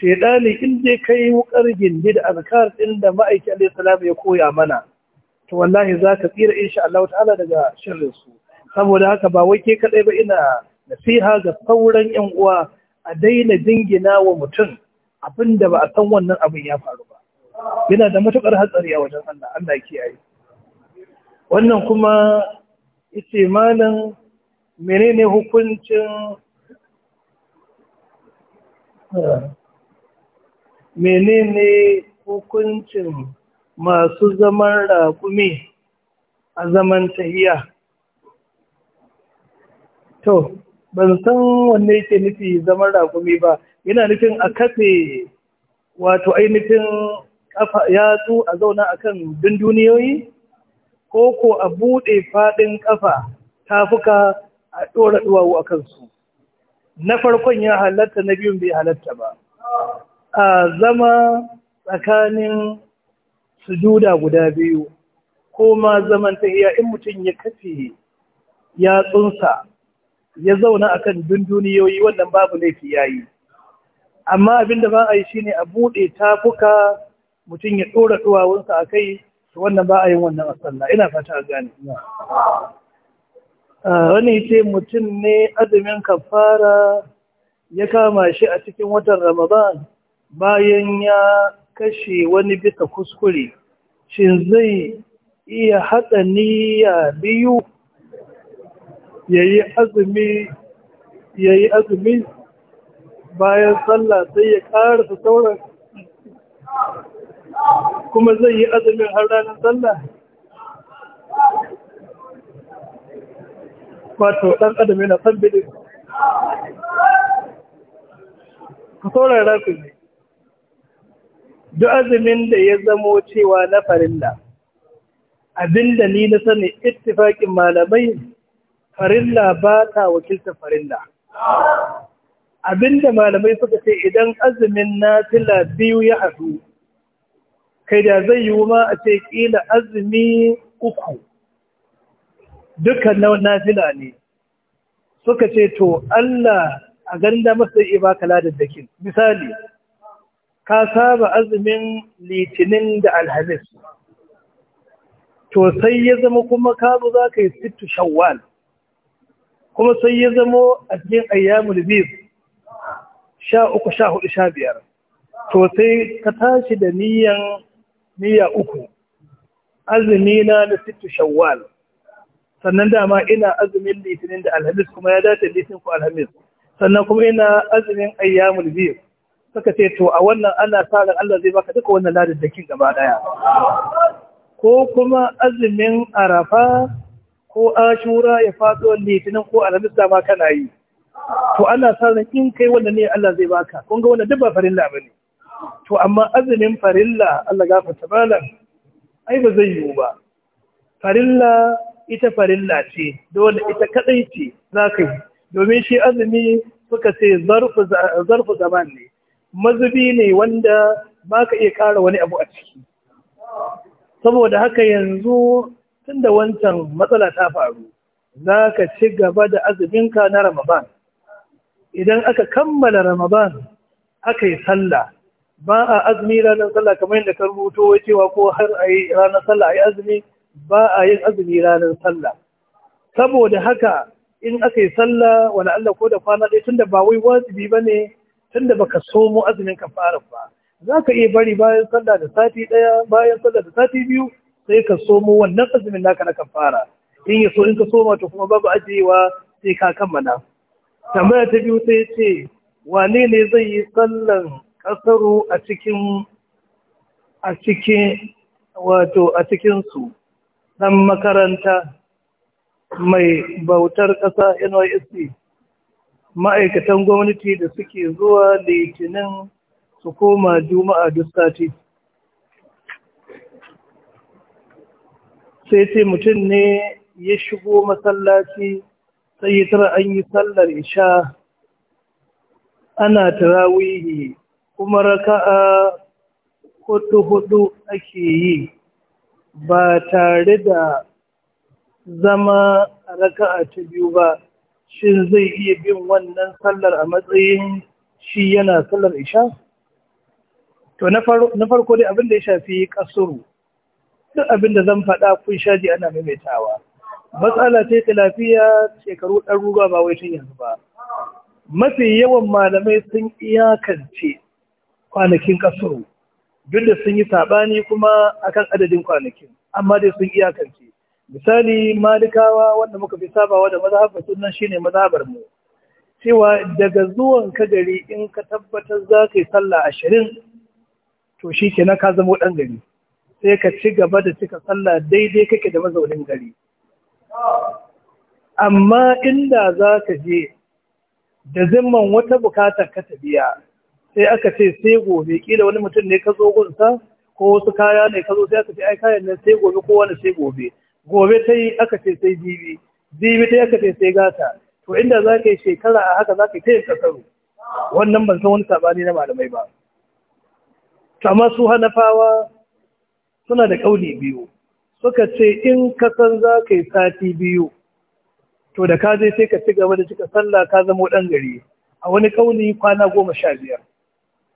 shedani in dai kai wukar gindi da azkar din da ma'aiki alaihi salam ya koya mana to wallahi zaka tsira insha Allah ta'ala daga shirin su saboda haka ba wai ke kadai ba ina nasiha ga sauran yan uwa a daina dingina wa mutum abinda ba a san wannan abin ya faru ba yana da matukar hatsari a wajen Allah Allah kiyaye wannan kuma yace malam menene hukuncin eh, menene hukuncin masu zaman raƙumi a zaman tahiya to ban san wanne yake nufi zaman raƙumi ba yana nufin a kafe wato ainihin kafa yatsu a zauna akan dunduniyoyi ko ko a buɗe faɗin kafa tafuka a ɗora duwawu a kansu na farkon ya halatta na biyun bai halatta ba a zama tsakanin sujuda guda biyu ko ma zaman tahiya in mutum ya kafe yatsunsa ya zauna akan dunduniyoyi wannan babu laifi yayi amma abin da ba a yi shine a bude tafuka mutum ya dora a akai to wannan ba a yin wannan asalla ina fata a gane wani ce mutum ne azumin kafara ya kama shi a cikin watan ramadan bayan ya kashe wani bisa kuskure shin zai iya haɗa niyya biyu ya yi azumi bayan sallah sai ya ƙarasa sauran kuma zai yi azumin har ranar sallah wato ɗan adam yana san bidin ku saurara ku ne duk azumin da ya zamo cewa na farilla abinda ni na sani ittifaƙin malamai farilla ba ta wakilta farilla abinda malamai suka ce idan azumin nafila biyu ya haɗu kai da zai yi ma a ce ƙila azumi uku dukkan nafila ne suka ce to Allah a ganin da masa iya baka ladar dakin misali ka saba azumin litinin da alhamis to sai ya zama kuma ka zo za ka yi sittu shawwal kuma sai ya zama a cikin ayyamul bid sha uku sha hudu sha biyar to sai ka tashi da niyan niyya uku azumi na na sittu shawwal sannan dama ina azumin litinin da alhamis kuma ya dace litinin ku alhamis sannan kuma ina azumin ayyamul bid suka ce to a wannan ana sa Allah zai baka duka wannan ladin da kin gaba daya ko kuma azumin arafa ko ashura ya faɗo litinin ko alhamis da ma kana yi to ana sa in kai wannan ne Allah zai baka kun ga wannan dubba ba farilla bane to amma azumin farilla Allah gafa tabalan ai ba zai yiwu ba farilla ita farilla ce dole ita kadai ce za domin shi azumi suka ce zarfu zaman ne mazubi ne wanda ba ka iya ƙara wani abu a ciki saboda haka yanzu tun da wancan matsala ta faru za ka ci gaba da azubinka na ramadan idan aka kammala ramadan aka yi sallah ba a azumi ranar sallah kamar yadda ka rubuto cewa ko har a yi ranar sallah a yi azumi ba a yin azumi ranar sallah saboda haka in aka yi sallah wani Allah ko da kwana ɗaya da ba wai wajibi ba ne tunda baka somo azumin ka fara ba zaka iya bari bayan sallah da sati ɗaya bayan sallah da sati biyu sai ka somo wannan azumin naka na kafara in ya so in ka soma to kuma babu ajiyewa sai ka kammala tambaya ta biyu sai ce wane ne zai yi sallan kasaro a cikin a cikin wato a cikin su dan makaranta mai bautar ƙasa NYSC ma'aikatan gwamnati da suke zuwa litinin su koma juma'a duk sati sai sai mutum ne ya shigo masallaci sai ya tara an yi sallar isha ana tarawihi kuma raka'a hudu-hudu ake yi ba tare da zama raka'a ta biyu ba shin zai iya bin wannan sallar a matsayin shi yana sallar isha? To, na farko dai abin da ya shafi kasuru, duk abin zan faɗa kun shaji ana maimaitawa. Matsala ta ta lafiya shekaru ɗaruruwa ba wai tun yanzu ba. Mafi yawan malamai sun iyakance kwanakin kasuru, duk da sun yi saɓani kuma akan adadin kwanakin, amma dai sun iyakance. misali malikawa wanda muka fi sabawa da mazhabar sunan shine mazhabar mu cewa daga zuwan ka gari in ka tabbatar za ka yi sallah ashirin to shi ke na ka zama ɗan gari sai ka ci gaba da cika sallah daidai kake da mazaunin gari amma inda za ka je da zimman wata bukatar ka biya sai aka ce sai gobe kila wani mutum ne ka zo gunsa ko wasu kaya ne ka zo sai aka ce ai kayan nan sai gobe ko wani sai gobe gobe ta yi aka ce sai jibi jibi ta yi aka ce sai gata to inda za ka yi shekara a haka za ka yi ta yin kasaro wannan ban san wani sabani na malamai ba kama su hanafawa suna da kauli biyu suka ce in ka san za ka yi sati biyu to da ka je sai ka ci gaba da cika sallah ka zama ɗan gari a wani kauli kwana goma sha biyar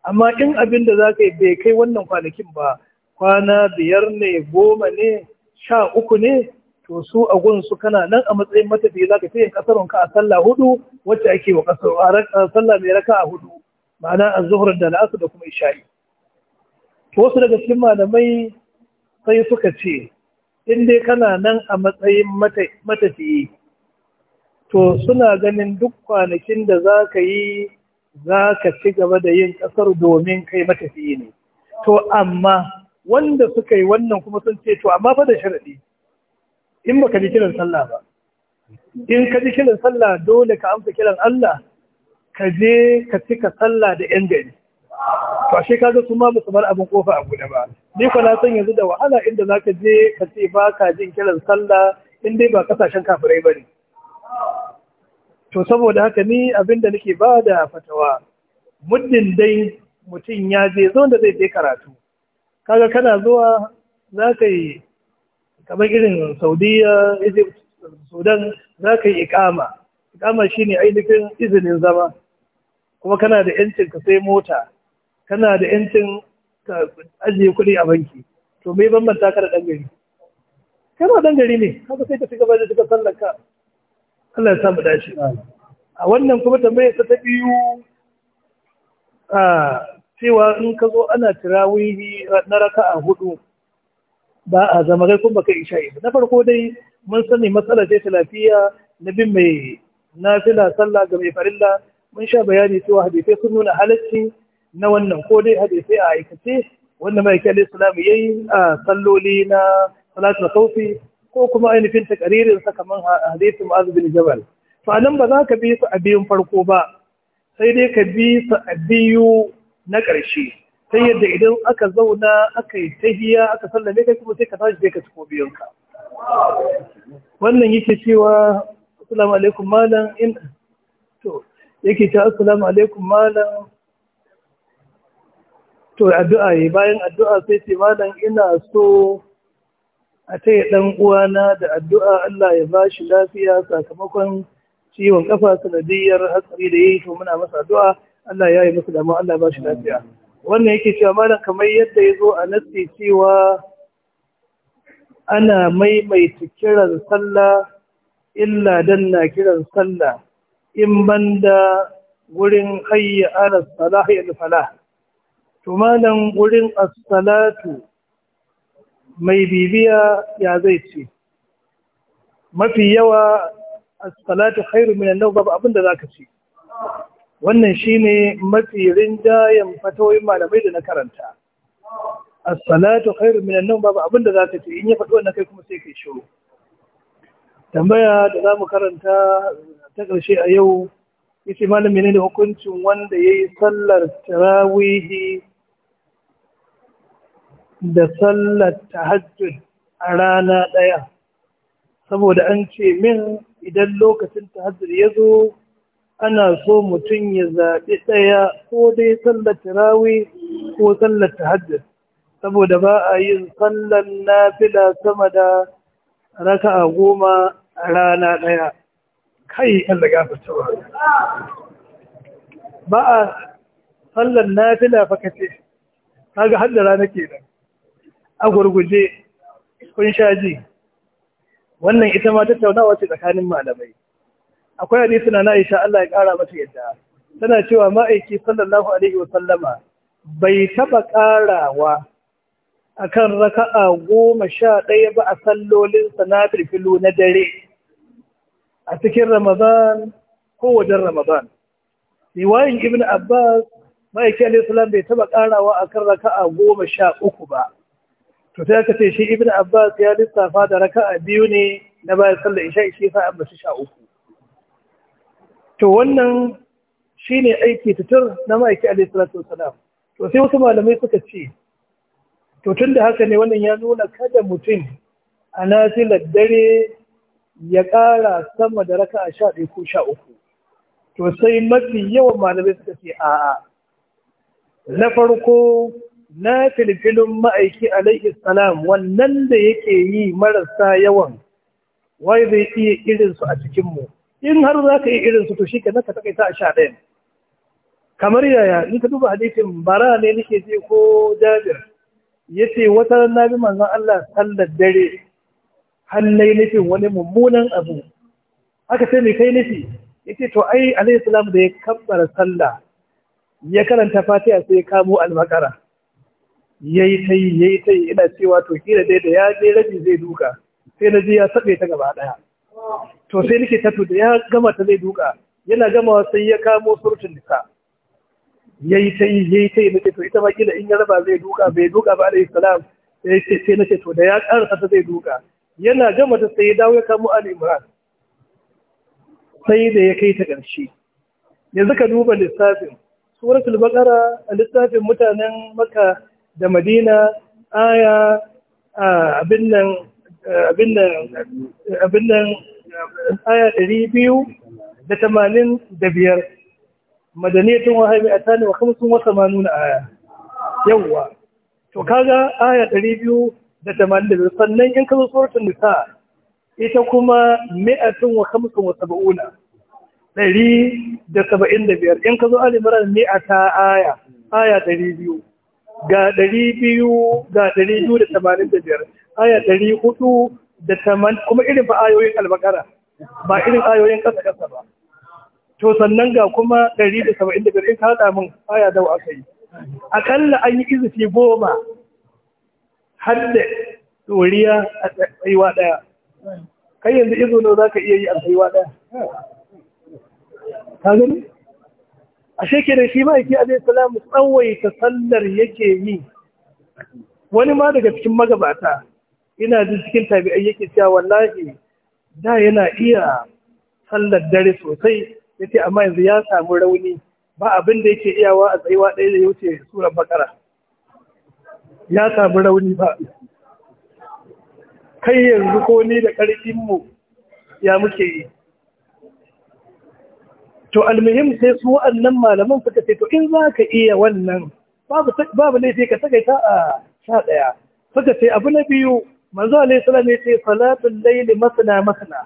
amma in abin da za ka yi bai kai wannan kwanakin ba kwana biyar ne goma ne sha uku ne to su a gunsu kana nan a matsayin matafiya za ka fiye yin kasarunka a sallah hudu wacce ake wa kasar a sallah mai raka a hudu ma'ana a zuhurar da na'asu da kuma isha'i to wasu daga cikin malamai sai suka ce in dai kana nan a matsayin matafiya to suna ganin duk kwanakin da za ka yi za ka ci gaba da yin ƙasar domin kai matafiya ne to amma wanda suka yi wannan kuma sun ce to amma fa da sharadi in baka ji kiran sallah ba in ka ji kiran sallah dole ka amsa kiran Allah ka je ka cika sallah da yan gari to ashe ka ga kuma ba bar abin kofa a gudu ba ni ko na san yanzu da wahala inda zaka je ka ce ba ka jin kiran sallah in dai ba kasashen kafirai bane to saboda haka ni abinda nake ba da fatawa muddin dai mutum ya je zo da zai je karatu kaga kana zuwa za ka yi kamar irin saudiya egypt sudan za ka yi ikama ikama shine ainihin izinin zama kuma kana da yancin ka sai mota kana da yancin ka ajiye kuɗi a banki to me bambanta ka da ɗan gari kana ɗan gari ne haka sai ka fi gaba da cika sallar ka Allah ya samu dace a wannan kuma tambayar ta biyu a ah, cewa in ka zo ana tirawihi na raka a hudu ba a zama kai kuma baka isha ba na farko dai mun sani matsalar ta lafiya na bin mai nafila sallah ga mai farilla mun sha bayani cewa hadisai sun nuna halacci na wannan ko dai hadisai a aikace wanda mai kyalin islam ya a salloli na salatu saufi ko kuma ainihin takaririn sa kamar hadisin mu'az bin jabal to nan ba za ka bi su a biyun farko ba sai dai ka bi su a biyu na ƙarshe ta yadda idan aka zauna aka yi tahiya aka sallame kai kuma sai ka tashi sai ka ci kobiyanka wannan yake cewa assalamu alaikum malam in to yake ta assalamu alaikum malam to addu'a yi bayan addu'a sai ce malam ina so a taya ɗan uwana da addu'a Allah ya ba shi lafiya sakamakon ciwon ƙafa, sanadiyar hatsari da ya yi to muna masa addu'a Allah ya yi musu dama Allah ba shi lafiya wannan yake cewa malam kamar yadda ya zo a natse cewa ana maimaita kiran sallah illa dan na kiran sallah in banda gurin hayya ala salah ya falah to malam gurin as-salatu mai bibiya ya zai ce mafi yawa as-salatu khairu minan nawm babu abinda ka ce wannan shi ne mafi rinjayen fatoyin malamai da na karanta Asalatu, salatu khairu minan nan babu abinda ka ce in ya faɗi wannan kai kuma sai kai shiru tambaya da za mu karanta ta ƙarshe a yau malamai ne da hukuncin wanda ya yi sallar tarawihi da sallar tahajjud a rana ɗaya saboda an ce min idan lokacin tahajjud ya zo ana so mutum ya zaɓi ɗaya ko dai sallar tarawi ko sallar tahajjud saboda ba a yin sallar nafila sama da raka a goma a rana ɗaya kai Allah ya cewa ba a sallar nafila fa kace kaga har da rana ke nan. a gurguje kun sha ji wannan ita ma tattaunawa ce tsakanin malamai akwai hadisi na Aisha Allah ya kara mata yadda tana cewa ma'aiki sallallahu alaihi wa sallama bai taba karawa akan raka'a goma sha ɗaya ba a sallolin sanatar filo na dare a cikin Ramadan ko wajen Ramadan riwayin Ibn Abbas ma'aiki alaihi salam bai taba karawa akan raka'a goma sha uku ba to sai aka ce shi Ibn Abbas ya lissafa da raka'a biyu ne na bayan sallar isha shi sa ba bashi sha uku to wannan shi ne aiki tutur na ma'aiki alaihi wasalam to sai wasu malamai suka ce to tun da haka ne wannan ya nuna kada mutum a nazilar dare ya ƙara sama da raka a sha ɗaya ko sha uku to sai mafi yawan malamai suka ce a'a na farko na filfilin ma'aiki alaihi wannan da yake yi marasa yawan wai zai iya irinsu a cikinmu in har za ka yi irin su to shi kenan ka takaita a sha ɗaya kamar yaya in ta duba hadisin bara ne nake je ko jabir ce wata na bi manzon Allah sallar dare hallai nufin wani mummunan abu aka ce mai kai nufi Ya ce to ai alayhi salam da ya kabbara sallah ya karanta fatiha sai ya kamo almakara Ya yi yi, ta ya yi ta yi, ina cewa to kira dai da ya je rabi zai duka sai na ji ya saɓe ta gaba ɗaya to sai nake to da ya gama ta zai duka yana gama sai ya kamo surutun nisa yayi sai yi yayi ta yi to ita ma kila in ya raba zai duka bai duka ba alayhi salam sai sai nace to da ya karasa ta zai duka yana gama ta sai ya dawo ya kamo ali imran sai da ya kai ta ƙarshe yanzu ka duba lissafin suratul baqara a lissafin mutanen Makka da madina aya abin nan abin nan aya ɗari biyu da tamanin da biyar madaniyatun wahabi a tani wa kamsun wata ma nuna aya yawwa to kaga aya ɗari biyu da tamanin da biyar sannan in kazo suratun nisa ita kuma mi'atun wa kamsun wa saba'una ɗari da saba'in da biyar in kazo alimaran mi'ata aya aya ɗari biyu ga ɗari biyu ga ɗari biyu da tamanin da biyar aya ɗari hudu da taman kuma irin ba ayoyin albakara ba irin ayoyin ƙasa ƙasa ba to sannan ga kuma ɗari da saba'in da biyar in ka haɗa min aya da aka yi aƙalla an yi izifi goma har da ɗoriya a tsaiwa ɗaya kai yanzu izo ne za ka iya yi a tsaiwa ɗaya ka gani A shekarar shi shi yake alaihi salam tsawaita sallar yake yi wani ma daga cikin magabata ina jin cikin tabi'ai yake cewa wallahi da yana iya sallar dare sosai yace amma yanzu ya samu rauni ba abin da yake iyawa a tsayuwa ɗaya da ya wuce surar bakara ya samu rauni ba kai yanzu ko ni da ƙarfinmu ya muke yi to almuhim sai su wa'annan malaman suka ce to in za ka iya wannan babu laifi ka sagaita a sha ɗaya suka ce abu na biyu manzo alaihi salam yace salatul layli masna masna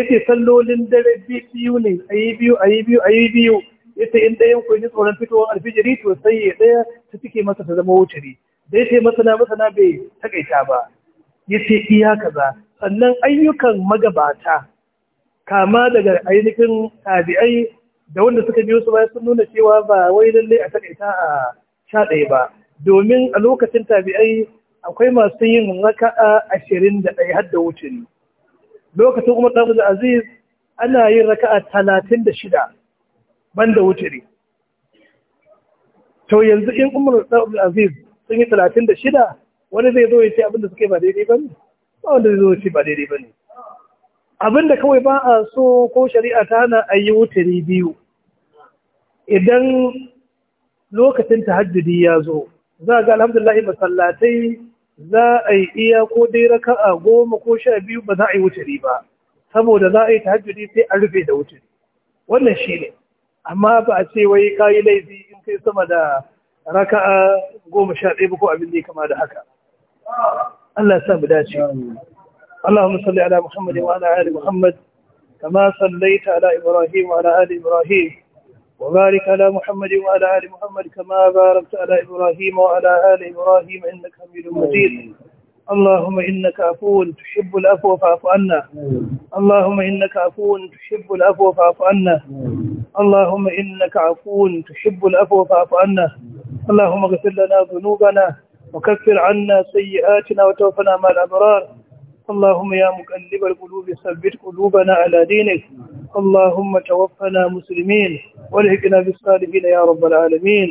yace sallolin dare biyu ne ayi biyu ayi biyu ayi biyu yace in dayan ku ji tsoron fitowar alfijiri to sai ya daya ta take masa ta zama wuciri da yace masana masana bai takaita ba yace iya kaza sannan ayyukan magabata kama daga ainihin tabi'ai da wanda suka biyo su bayan sun nuna cewa ba wai lallai a takaita a sha ɗaya ba domin a lokacin tabi'ai akwai masu yin raka'a ashirin da ɗaya har da ne lokacin umar ɗan aziz ana yin raka'a talatin da shida ban da ne to yanzu in umar ɗan aziz sun yi talatin da shida wani zai zo ya ce abinda suka yi ba daidai ba ne ba wanda zai zo ya ce ba daidai ba ne abinda kawai ba a so ko shari'a ta hana a yi wuce ne biyu idan lokacin tahajjudi ya zo za ga alhamdulillah masallatai za a yi iya ko dai raka'a goma ko sha biyu ba za a yi wuturi ba saboda za a yi tahajjudi sai a rufe da wuturi wannan shi ne amma ba a ce wai kayi laifi in kai sama da raka'a goma sha ɗaya ba ko abin da ya kama da haka Allah ya sa mu dace ala Muhammad wa ala ali Muhammad kama sallaita ala Ibrahim wa ala Ali Ibrahim. وبارك على محمد وعلى آل محمد كما باركت على إبراهيم وعلى آل إبراهيم إنك حميد مجيد اللهم إنك عفو تحب العفو فاعف عنا اللهم إنك عفو تحب العفو فاعف عنا اللهم إنك عفو تحب العفو فاعف عنا اللهم اغفر لنا ذنوبنا وكفر عنا سيئاتنا وتوفنا مع الأبرار اللهم يا مقلب القلوب ثبت قلوبنا على دينك اللهم توفنا مسلمين والحقنا بالصالحين يا رب العالمين